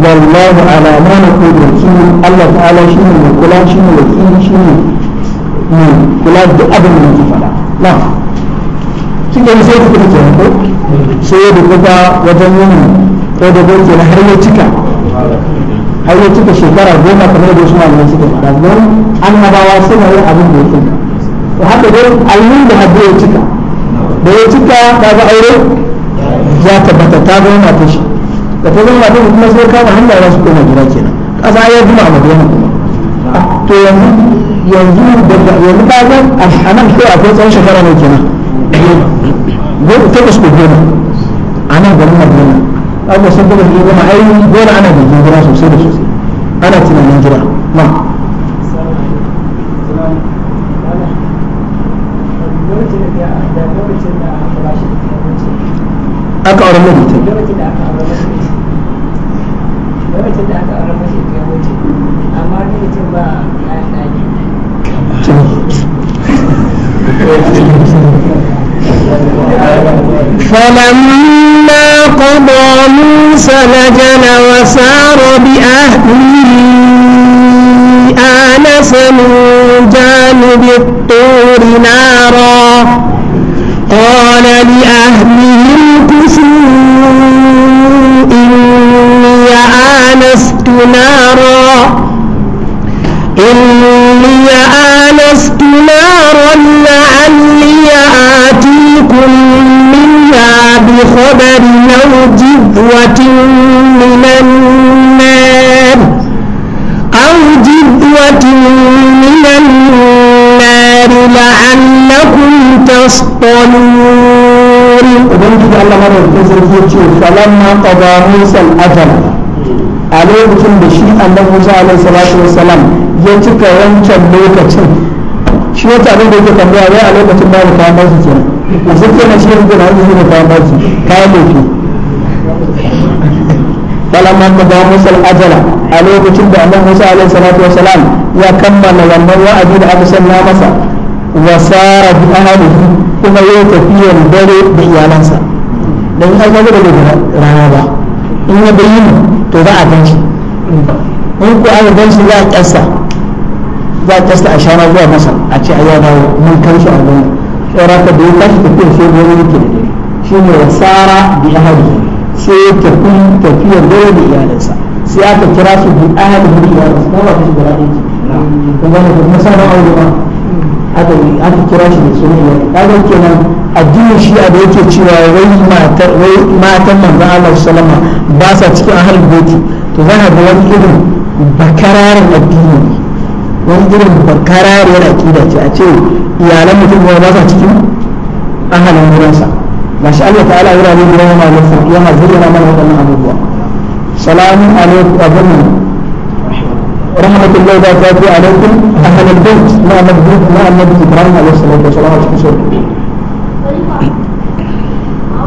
والله على ما نقول وكيل الله تعالى شنو وكلا شنو shi ne. mu kula da abin da muke faɗa na shi ne sai kuka ke ko sai da kuka wajen yin ko da goke na har ya cika har ya cika shekara goma kamar da wasu malamai suka faɗa don annabawa suna yin abin da yake to haka dai almin da hadda ya cika da ya cika ta ga aure ya tabbata ta ga yana ta shi da ta zama ta kuma sai kama hanyar su koma gida kenan ƙasa ya duma a magana kuma to yanzu yanzu daga yanzu ba zan a nan kai akwai tsawon shekara mai kenan goma takwas ko goma a nan garin madina abubuwa sun goma goma ai gona ana da jin sosai da sosai ana tunanin jira na ajala a lokacin da shi annabi Musa alai salatu wassalam ya cika wancan lokacin shi wata abin da yake tambaya wai a lokacin da kayan baki kenan a sai na shi yanzu na hanzu da kayan baki kayan lefi falamma qada ba al-ajala a lokacin da annabi Musa alai salatu wassalam ya kammala wannan wa'adi da aka sanna masa wa sara bi ahlihi kuma ya tafiya dare da iyalansa dan an ga da rana ba in ya bayyana to ba a gan shi in ko aka gan shi za a kyasta za a kyasta a shara zuwa masa a ce a ya dawo mun kan shi a gona tsora ka da ya tashi tafiya sai gona yake da dare shi ne wa tsara bi ahalihi sai ya tafi tafiyar dare da iyalinsa sai aka kira su bi ahalihi da iyalinsa kuma ba ta shi da ra'ayi kuma ba ta kuma sauran aure ba haka aka kira shi da sunan yaki kaga kenan addinin shi da yake cewa wai wai matan manzon Allah sallama ba sa cikin ahlul baiti to za a ga wani irin bakararin addini wani irin bakarariyar akida ce a ce iyalan mutum ba sa cikin ahalin wurinsa masha Allah ta'ala wurare da yawa yana zayyana mana waɗannan abubuwa salamu alaikum رحمة الله وبركاته عليكم أهل البيت مع النبي مع النبي إبراهيم عليه الصلاة والسلام على الرسول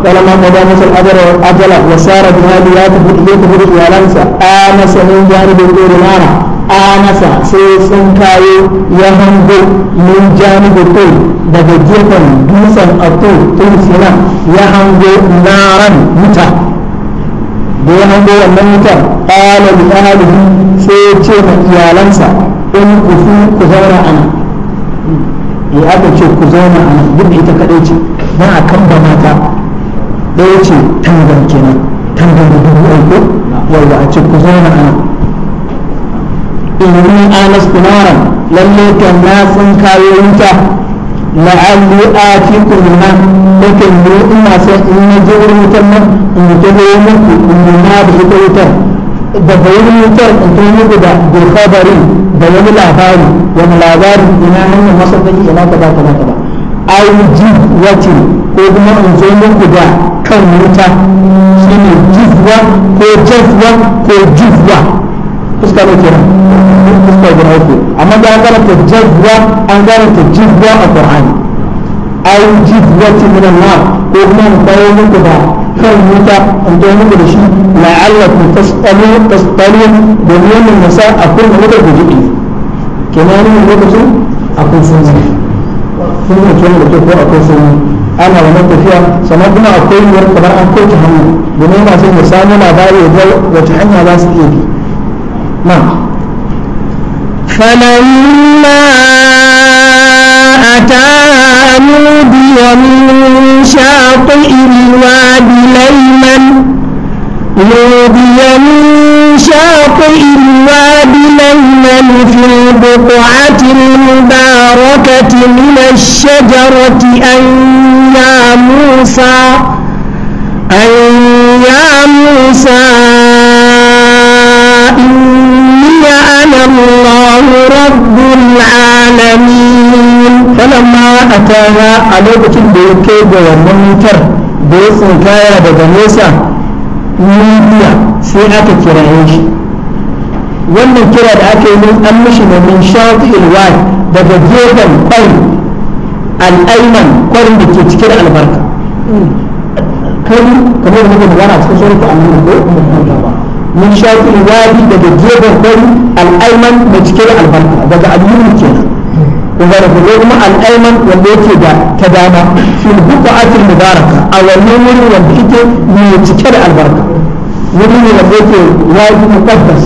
فلما مضى موسى الأجر والأجل وسار بها لياته إليه بإعلانسا آنس من جانب الدور الآن آنس سيسن كايو يهنبو من جانب الطول daga gefen dusan a to tun sina ya hango naran wuta gonan ko wannan wutar ƙala li ahlihi sai ya ce ma iyalansa in ku fi ku zauna ana ya aka ce ku zauna ana duk da ita kadai ce ba a kan ba mata ɗaya ce tangan kenan tangan da dubu aiko yawa a ce ku zauna ana in ni anas kunaran lallai kan na sun kayo wuta la'alli atikum man kake ne ina son in na je wurin wutar nan in ta zo muku in nuna da ita wutar da bayan wutar da bilkhabarin da wani labari wani labari ina hanyar masarfaki ina ka ba ka ba ka ba aiji wacin ko kuma in muku da kan wuta shine jizwa ko jazwa ko jizwa a ne kenan fuska guda uku amma da an karanta jazwa an karanta jazwa a qur'ani ai jazwati min an ko kuma mu kawo muku da kan wuta an to muku da shi la'allakum tasalu tasalun da wannan nasa akwai wuta da jiki kenan ne san akwai sunna sunna kenan da ko akwai sunna ana wannan tafiya sannan kuma akwai yiwuwar kamar an koke hannu domin yana son ya samu labari ya ga wata hanya za su iya نعم فلما أتى نودي من شاطئ الواد ليمن نودي من شاطئ الواد ليمن في البقعة المباركة من الشجرة أن يا موسى أن يا موسى a lokacin da ya kai ga wannan wutar da ya tsinkaya daga nesa miliya sai aka kiraye shi wannan kira da aka yi an mishi ne min shafi ilwai daga gefen kwai al'aiman kwarin da ke cike da albarka kai kamar da muke magana cikin surutu annabi ko min shafi ilwai daga gefen kwai al'aiman da cike da albarka daga al'ummi kenan kun gane ko kuma al'aiman wanda yake da ta dama fil buqatil mubaraka a wannan wurin wanda yake mai cike da albarka wuri ne wanda yake wajin muqaddas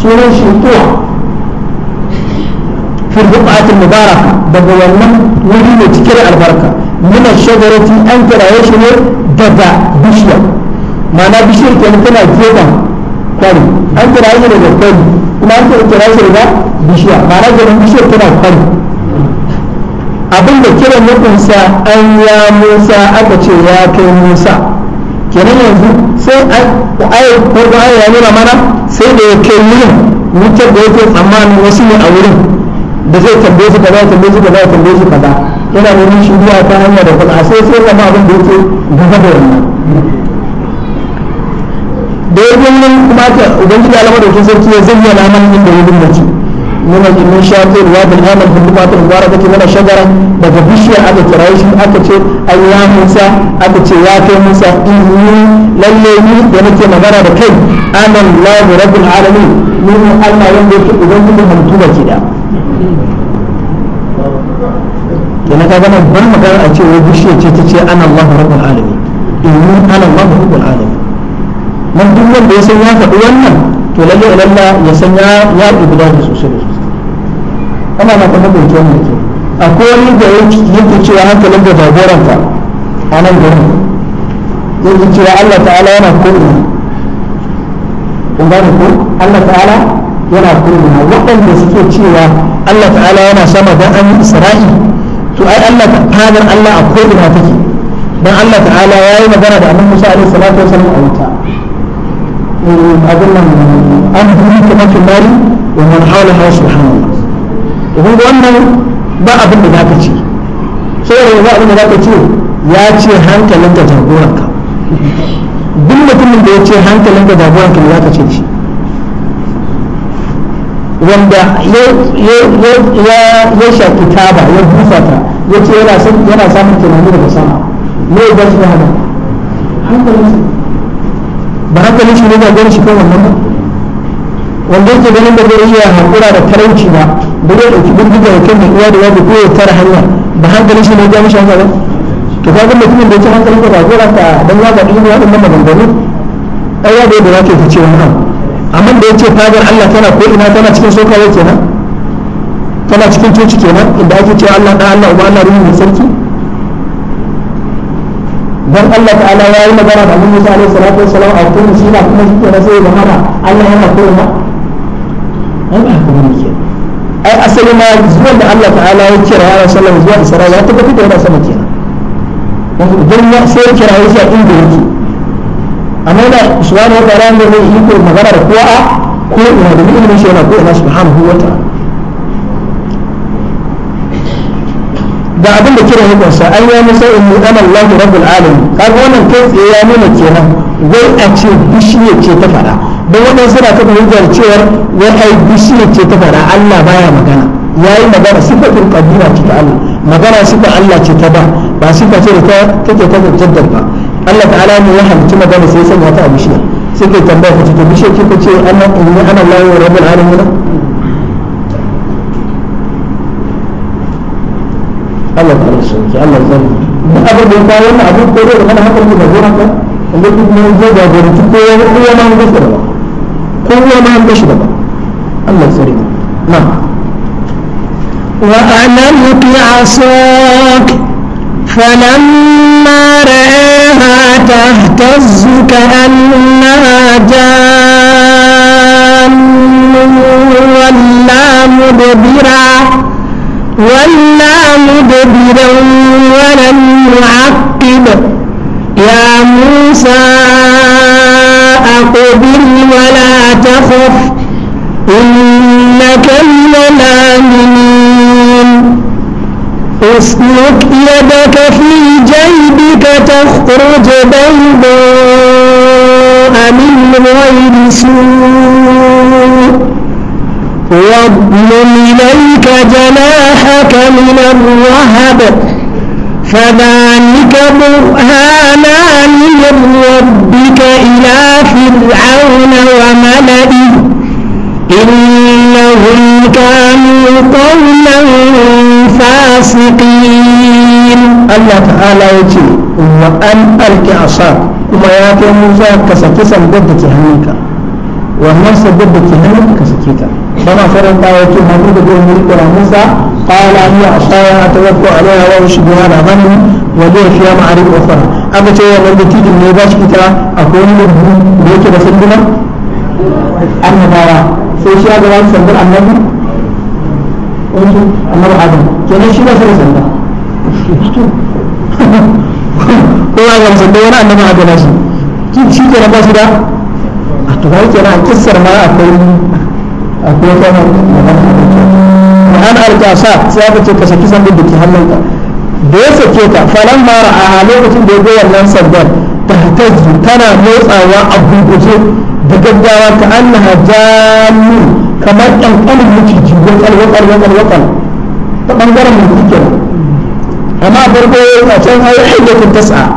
sunan shi tuwa fil buqatil mubaraka daga wannan wuri ne cike da albarka min ash-shajarati an kiraye shi ne daga bishiya ma'ana bishiyar kenan tana gefen kwari an kiraye shi daga kwari kuma an kiraye shi daga bishiya ma'ana kenan bishiyar tana kwari abinda kiran ya kunsa an ya musa aka ce ya kai musa kenan yanzu sai an ayar farko ya nuna mana sai da ya kai wurin wutar da yake tsammanin wasu ne a wurin da zai tambaye su kaza tambaye su kaza tambaye su kaza yana neman shiriya ta hanyar da kuma sai sai zama abin da yake gaba da wannan da ya gulmin kuma ta ubangiji alamar da ke sarki ya zayyana mana inda ya gulmaci من من شاطئ الواد الآمن في اللقاء المباركة من الشجرة daga bishiya aka kira shi aka ce an ya musa aka ce ya kai musa inni lalle ni da nake magana da kai anan lahu rabbul alamin ni Allah wanda yake ubangiji halittu baki da yana ka gana bar magana a ce wai bishiyar ce ta ce anan lahu rabbul alamin inni anan lahu rabbul alamin man duk wanda ya san ya faɗi wannan to lalle lalla ya san ya ya ibada sosai ana na kuma bai kyau mai kyau akwai wani da yake cewa hankalin da jagoranta a nan garin yake cewa Allah ta'ala yana ko'ina kun gane ko Allah ta'ala yana ko'ina waɗanda suke cewa Allah ta'ala yana sama don an yi isra'i to ai Allah ta'ala Allah a ko'ina take don Allah ta'ala ya yi magana da annabi Musa alaihi salatu wasallam a wuta eh, abin nan an huri kamar kimari wa man hawla subhanallah kun ga wannan ba abin da zaka ce sai da ba abin da zaka ce ya ce hankalin ka jagoran ka duk mutumin da ya ce hankalin ka jagoran ka zaka ce shi wanda ya shafi taba ya busa ta ya ce yana samun tunani daga sama ne ya ba shi da haka hankalin shi ba hankalin shi ne ga gani shi kan wannan ba wanda yake ganin da zai iya haƙura da talauci ba da zai ɗauki bindiga da kai mai da yadda ko ya tara hanya ba hankalin shi ne ya mishi haka to ka ga mutumin da yake hankalin ka ba gora ka dan ya ga ɗin waɗannan maganganu ɗan ya da za ka yi ce wannan amma da yace fadar Allah tana ko ina tana cikin sokawa kenan tana cikin coci kenan inda ake cewa Allah ɗan Allah uba Allah ruhu mai sarki dan Allah ta'ala ya yi magana da Annabi Musa alaihi salatu wassalam a cikin shi na kuma shi kenan sai ya magana Allah yana koyarwa ai ba haka bane kenan ai asali ma zuwan da Allah ta'ala ya kira ya sallam zuwa isra ya tabbatar da yana sama kenan wato idan ya sai ya kira ya inda yake amma yana subhanahu wa ta'ala ne mai iko magana da kowa ko ina da ilimin shi yana ko ina subhanahu wa ta'ala da abin da kira hukunsa an yi wani in mu Allah rabbul alamin kaga wannan kai tsaye ya nuna kenan wai a ce bishiyar ce ta faɗa. don wannan suna kafa hujjar cewar wani bishiya ce ta fara Allah baya magana ya yi magana sifatul qadima ce ta Allah magana sifa Allah ce ta ba ba su ce da take ta jaddar ba Allah ala ne ya halicci magana sai sanya ta a bishiya sai kai tambaya ka ce bishiya ka ce ana inni ana lahu rabbul alamin Allah ta rasu Allah zan abin da wannan abin ko da hakan da ka wanda ma ba هو ما an بابا الله Allah نعم na عصاك فلما رآها تهتز كأنها جان ولا مدبرا ولا مدبرا ولم يعقب يا موسى تملك يدك في جيبك تخرج بيضاء من غير سوء واضم إليك جناحك من الرهب فذلك برهان kuma ya kai musa ka saki sandar da ke hannunka wannan sandar da ke hannunka ka saki ta bana faranta ya ce hannu da zai mulki da musa qala ni ashaya atawakku alaiha wa ushbu ala ghanam wa li fiha ma'arif ukhra aka ce wannan da tidin ne ba shi ita akwai wani rubu da yake da sanduna annabawa sai shi ya ga wani sandar annabi wato annabi adam kenan shi ba shi da sandar ko ya gamsa da wani annabi haka na shi shi ke na bashi da a to ba yake na kissar ma akwai akwai kana wa an arka alkasa sai aka ce ka saki sandar da ke hannunka da ya sake ta falan mara a lokacin da ya ga nan sandar ta hataji tana motsawa a gurguje da gaggawa ta annaha jamu kamar ƙanƙanin miciji wakal wakal wakal wakal ta ɓangaren mutu kenan amma farko a can ai hajjatun tas'a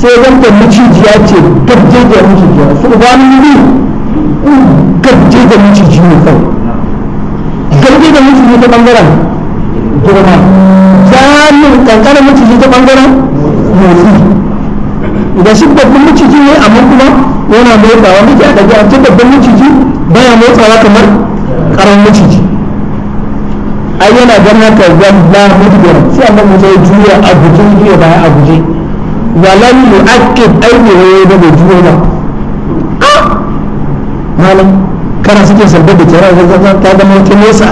sai zanta macijiya ce gabjejiyar macijiya su ubanin ne gabjejiyar maciji ne kawai gabjejiyar maciji ta bangaren girma ta bangaren motsi da shi babban maciji ne amma kuma yana motsawa muke a ɗage a cikin babban maciji baya motsawa kamar ƙaramin maciji ai yana ganin haka zan mutu sai annabi musa ya juya a guje juya baya a guje walam yu'akkid aini waye da bai juya ba malam kana suke sabbe da kira zazzan ta zama wata nesa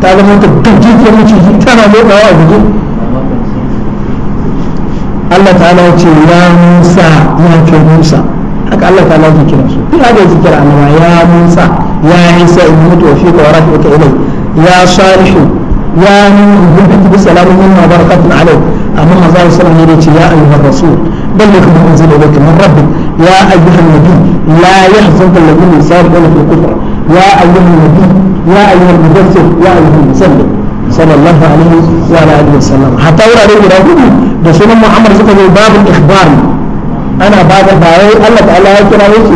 ta zama wata gajjiyar maciji tana lokawa a guje Allah ta'ala ya ce ya Musa ya ke Musa haka Allah ta'ala ke kira su duk haka yake kira annaba ya Musa ya Isa in mutu wa fi ka waraka ilai ya Salihu ya nuna kitabu salamun minna wa barakatun alayk amma manzo Allah sallallahu alaihi wasallam ya ayyuhar rasul balligh ma unzila ilayka min rabbik ya ayyuhan nabi la yahzunka alladhina yusari'una fil kufr ya ayyuhan nabi ya ayyuhan mudaththir ya ayyuhan musallim sallallahu alaihi wa alihi wasallam hatta wurare guda hudu da sunan Muhammad suka zo babul ikhbar ana ba da bayan Allah ta'ala ya kira yake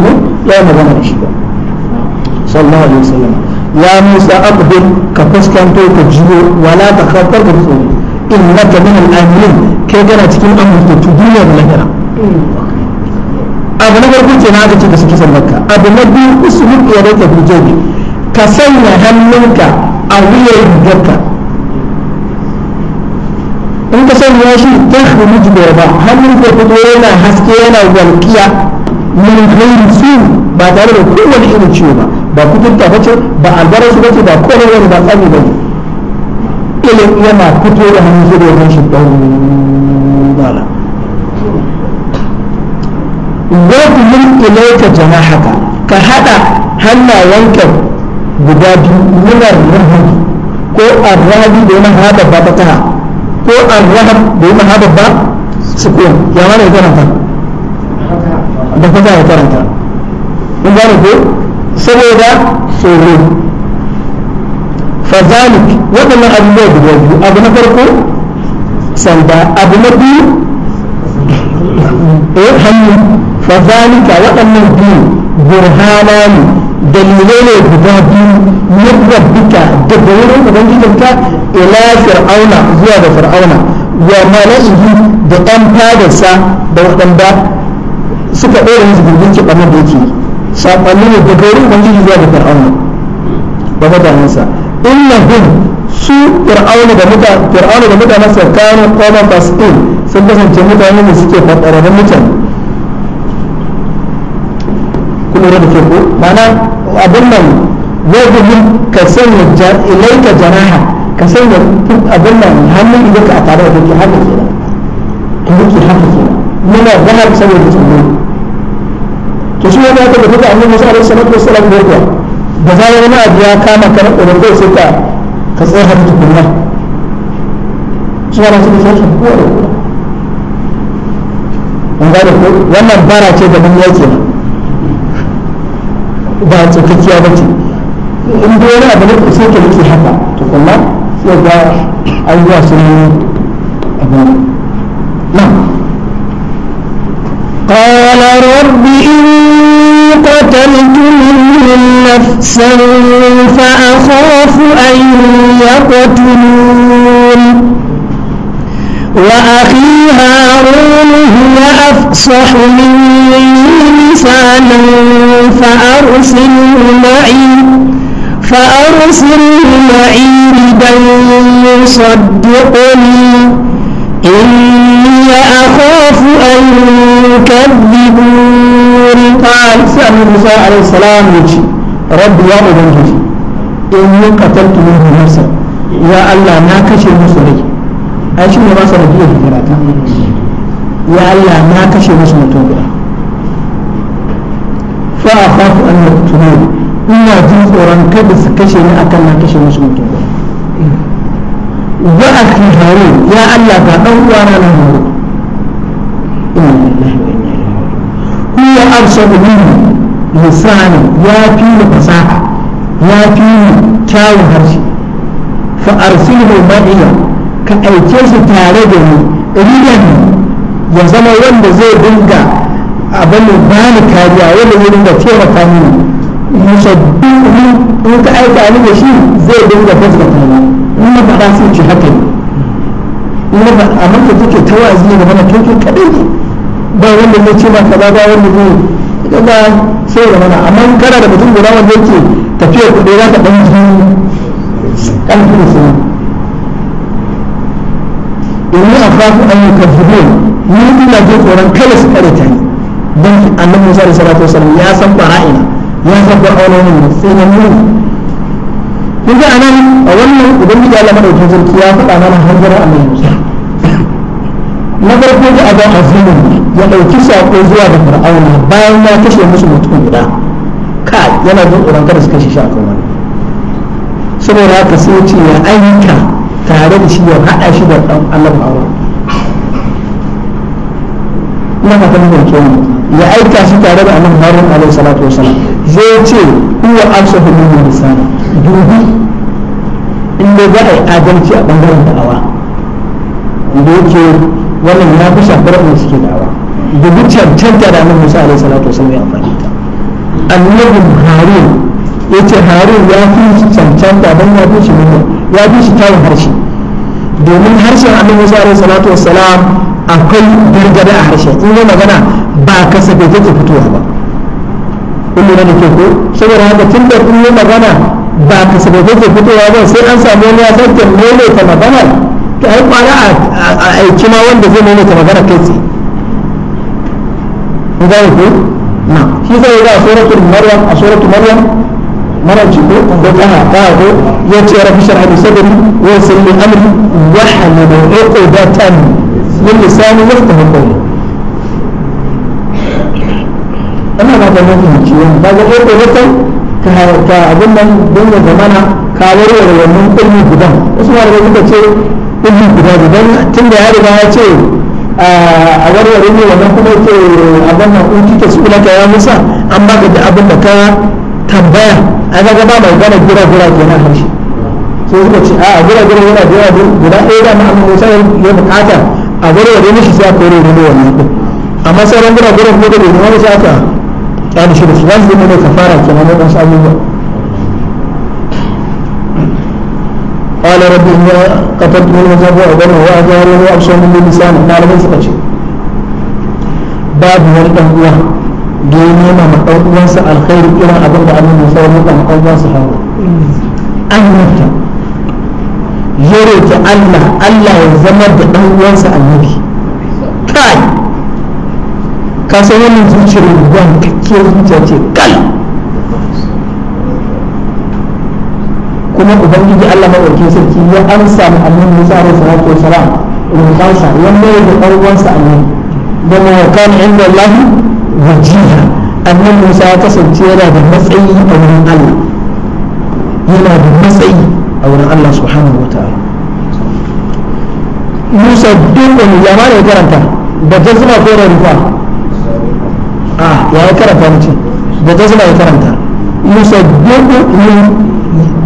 ne ya musa aqbil ka fuskanto ka jiyo wala ta kafar ka tsoro innaka min al-amilin kai gana cikin amintattu duniya da lahira abu na farko ke na ce da suke sallarka abu na biyu usulun ya rage hujjabi ka sanya hannunka a wuyan rigarka in ka ya shi ta hannun jibar ba hannun ka fito yana haske yana walƙiya min ghairi su ba tare da kowane irin ciwo ba ba kuturta ba ce ba albarar su ba ce ba kone wani ba tsami ba ne ilin yana fito da hannun su da yawan shi ɗaura wata yin ilaita jama'aka ka haɗa hannayenka guda biyu munar rahab ko arrabi da yana haɗa ba ta taha ko arrahab da yana haɗa ba su sukun ya mana ya karanta da fata ya karanta kun gane ko saboda tsoro fazalik waɗannan abubuwa guda biyu abu na farko sanda abu na biyu eh hannu fazalika waɗannan biyu burhana ne dalilai ne guda biyu min rabbika daga wurin ubangijinka ila fir'auna zuwa da fir'auna wa da ɗan fadarsa da waɗanda suka ɗora musu gurgurci da yake saƙonni ne daga wurin ubangiji zuwa ga fir'auna da mutanensa innahum su fir'auna da mutane fir'auna da mutanensa kanu qawman fasiqin sun kasance mutane ne suke mutane kuma da ke ko mana abin nan ka sanya ilaika janaha ka sanya abin nan hannun idan ka a tare da kake haka kenan kake haka kenan muna saboda tsoro to shi ne aka tafi annabi Musa alaihi salatu wassalam da yake da zarar wani abu ya kama ka na tsoron kai sai ka ka tsaya da tukunna shi ne suka sashi ko da an gane ko wannan bara ce da mun yake ba tsokakkiya ba ce in dai wani abu ne sai ka rike haka tukunna sai ga ayyuka sun yi abu na قال رب إن قتلت منهم نفسا فأخاف أن يقتلون وأخي هارون هو أفصح مني لسانا فأرسله معي فأرسله معي لكي يصدقني إني أخاف أن يكذبون قال سأل موسى عليه السلام يجي رب يا أبنجي إني قتلت منه نفسا يا الله ما كشف مسلمي أشوف ما سنجيه هجراتا يا الله ما كشف مسلمي فأخاف أن يقتلوني إنا jin tsoron kada su kashe ni akan na kashe wa aki harun ya Allah ga dan uwana na harun kuma absabu minni lisani ya fi ni fasaha ya fi ni kyawun harshe fa arsilhu ma'iya ka aike shi tare da ni riyan ya zama wanda zai dinga abin da bani kariya wanda zai dinga taimaka mini musabbihu in ka aika ni da shi zai dinga fasbata ni in na su ci haka ne in na faɗa amma ka take ta wazi ne mana na kai kaɗai ne ba wanda zai ce ba kaza ba wanda zai kaza sai da mana amma in kana da mutum guda wanda yake tafiya kuɗi za ka ɗan ji ƙarfin su ina a fafi an yi kafirun ni ina jin tsoron kada su kare ta ne don annabi musa da salatu wasallam ya san fara'ina ya san fara'aunonin sai na nuna a wannan ubangiji Allah madaukakin sarki ya faɗa mana har hanzar annabi Musa na farko da abu azimin ya ɗauki saƙo zuwa da fir'auna bayan ya kashe musu mutum guda kai yana jin tsoron kada su kashe shi akan wani saboda haka sai ce ya aika tare da shi ya haɗa shi da ɗan Allah ba'awa ina fata mai kyau ya aika shi tare da annabi Harun alaihi salatu wasalam zai ce huwa amsahu min lisani dubi in dai za a yi adalci a bangaren da'awa da yake wannan ya fi shafar da suke da'awa da duk cancanta da annabi Musa alaihi salatu wasallam ya amfani ta harin ya ce harin ya fi cancanta dan ya fi shi ya fi shi tayin harshe domin harshen annabi Musa alaihi salatu wasallam akwai gargada a harshe, in yi magana ba kasafai take fitowa ba kullum da ke ko saboda haka tun da in magana ba ka saba take fitowa ba sai an samu wani ya sake maimaita magana ka yi kwana a aiki ma wanda zai maimaita magana kai tsaye ku gane ku na shi zai ga suratul maryam a suratul maryam mara ciko ko kana ta ko ya ce rabbi sharhi sadri wa salli amri wa hamdu uqdatan min lisani yafqahu qawli ana ma da mutunci ba ga uqdatan ta ta abin nan dinga ya zamana ka warware wannan ilmi gudan wasu ma da suka ce ilmi guda gudan tun da ya riga ya ce a warware ne wannan kuma ke abin nan uki kike su ka ya musa an baka da abin da ka tambaya a ga gaba mai gana gura gura kenan harshe sai suka ce a gura gura yana gura guda ɗaya da ma'amin musa ya bukata a warware mishi sai a kore ne wannan amma sauran gura gura kuma da bai wani da shi aka kyale shi da shi za su zama mai kafara kenan na wasu abubuwa قال رب إني قتلت من وزاب وأبنى وأجاري وأبصر من لساني قال من سكتي باب من الأنبياء جيني ما مقوم وانسى الخير إلى أبن بعد من يصور مقا مقوم وانسى حاول أنت يريد الله الله يزمد أن وانسى النبي قال ka san wannan zuciyar ruwan kakkiyar zuciya ce kal kuma ubangiji Allah madaukakin sarki ya amsa mu annabi Musa alaihi salatu wasalam rukansa wanda ya da ɗan'uwansa annabi da ma kana inda Allah wajiha annabi Musa ya kasance yana da matsayi a wurin Allah yana da matsayi a wurin Allah subhanahu wataala Musa duk wani ya ma ne karanta da jazma ko da rufa Ah, ya yi karanta mutum da ta ya karanta musabbihu min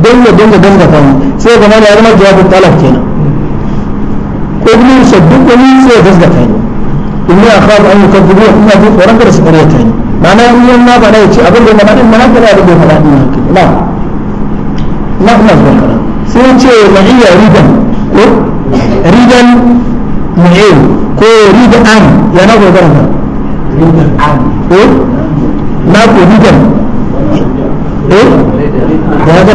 dalla dalla dalla ta sai ga mana yarma jawabin talab kenan ko kuma musabbihu min sai dalla ta ne inni akhafu an yukadibu ina bi tsoron da su karyata ne ma'ana yan na bana yace abin da mana din mana da bai fara din haka na na na zuwa sai ce ma'iyya ridan ko ridan mu'in ko ridan yana gobe eh na ku rigan eh da ya ta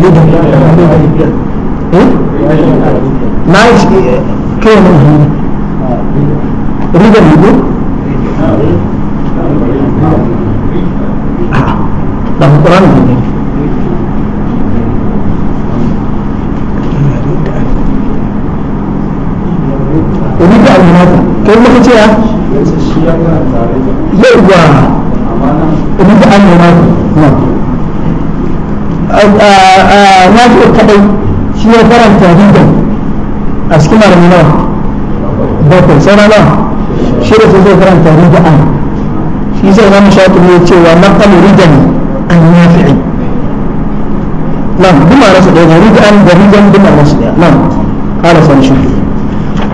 rigan eh na shi eh, kai mun hannu rigan ne da Qur'ani ne rigan ne kai muka ce ya yawwa idan ta an yana na fi kaɗai shi ya faranta rigar a cikin malamin nawa bakwai sauran ba shi da zai faranta hidden an shi zai zama shafi ne cewa naqalu ridan an nafi'i nan duma rasu ɗaya ridan da ridan duma rasu ɗaya nan kala sani shi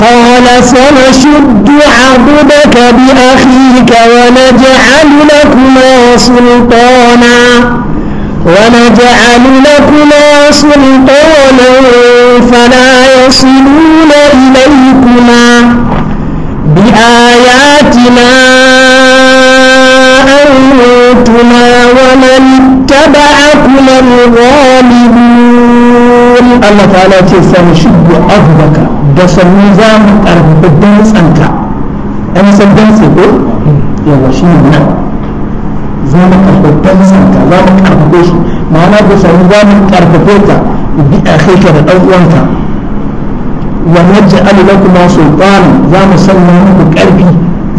قال سنشد عضدك بأخيك ونجعل لكما سلطانا ونجعل لكما سلطانا فلا يصلون إليكما بآياتنا أنتما ومن اتبعكما الغالبون الله تعالى سنشد عضدك da sannu za mu karfafa dantsanka an san dantse ko yawa shi ne nan za mu karfafa dantsanka za mu karfafa shi ma'ana da sannu za mu karfafa ka bi a kai ka da ɗan uwanka wa naj'alu lakum sultana za mu sanya muku ƙarfi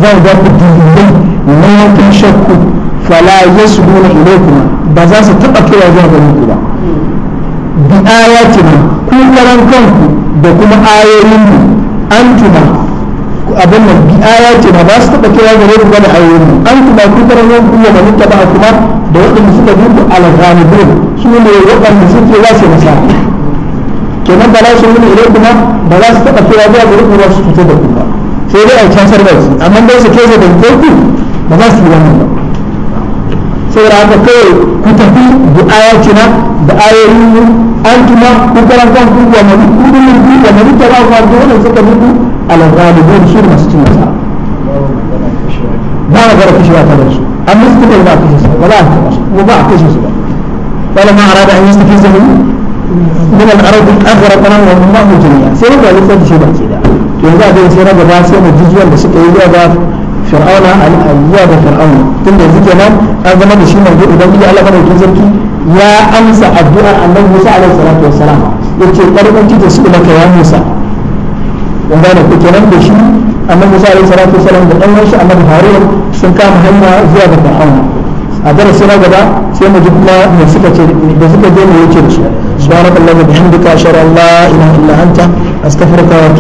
za mu ba ku dalilai na tashakku fala ya su yasbuna ilaykum ba za su taba kira zuwa ga muku ba bi ayatina kun karan kanku da kuma ayoyin mu an tuma abin nan bi aya ce ba su taɓa kira gare ku da ayoyin mu an tuma kun karan kanku wa ba a kuma da waɗanda suka bi ku al-ghalibun su ne waɗanda suke za su nasara kenan ba za su yi ilai kuma ba za su taɓa kira zuwa gare ku ba su fito da ku ba sai dai a can da su amma dai su kesa da ku ba za su yi wannan ba saboda haka kawai ku tafi da ayatina da ayoyin an kuma kukuran kan kuku a mafi kudin mafi da mafi da rawa da wani suka mutu a lalzali zai shi masu cin ba a gara kashewa ta amma su kuma ba a ba za a kashe su ba ba a kashe su ba wala ma a rada an yi su fiye zai min al'arabi an gara kanan wani ma mutum ya sai ba zai fadi shi ba ke da to yanzu a gani sai jijiyar da suka yi a fir'auna al'ayya da fir'auna tun da yanzu kenan an zama da shi mai gudu don gudu ala tun zarki ya amsa addu'ar annabi Musa alaihi salatu wassalam yace karbanci da su laka ya Musa wanda da kuke nan da shi annabi Musa alaihi salatu wassalam da dan shi annabi Harun sun kama hanya zuwa ga Fir'auna a darasi na gaba sai mu ji kuma suka ce da suka je ne yake da su subhanallahi wa bihamdika ashhadu an la ilaha illa anta astaghfiruka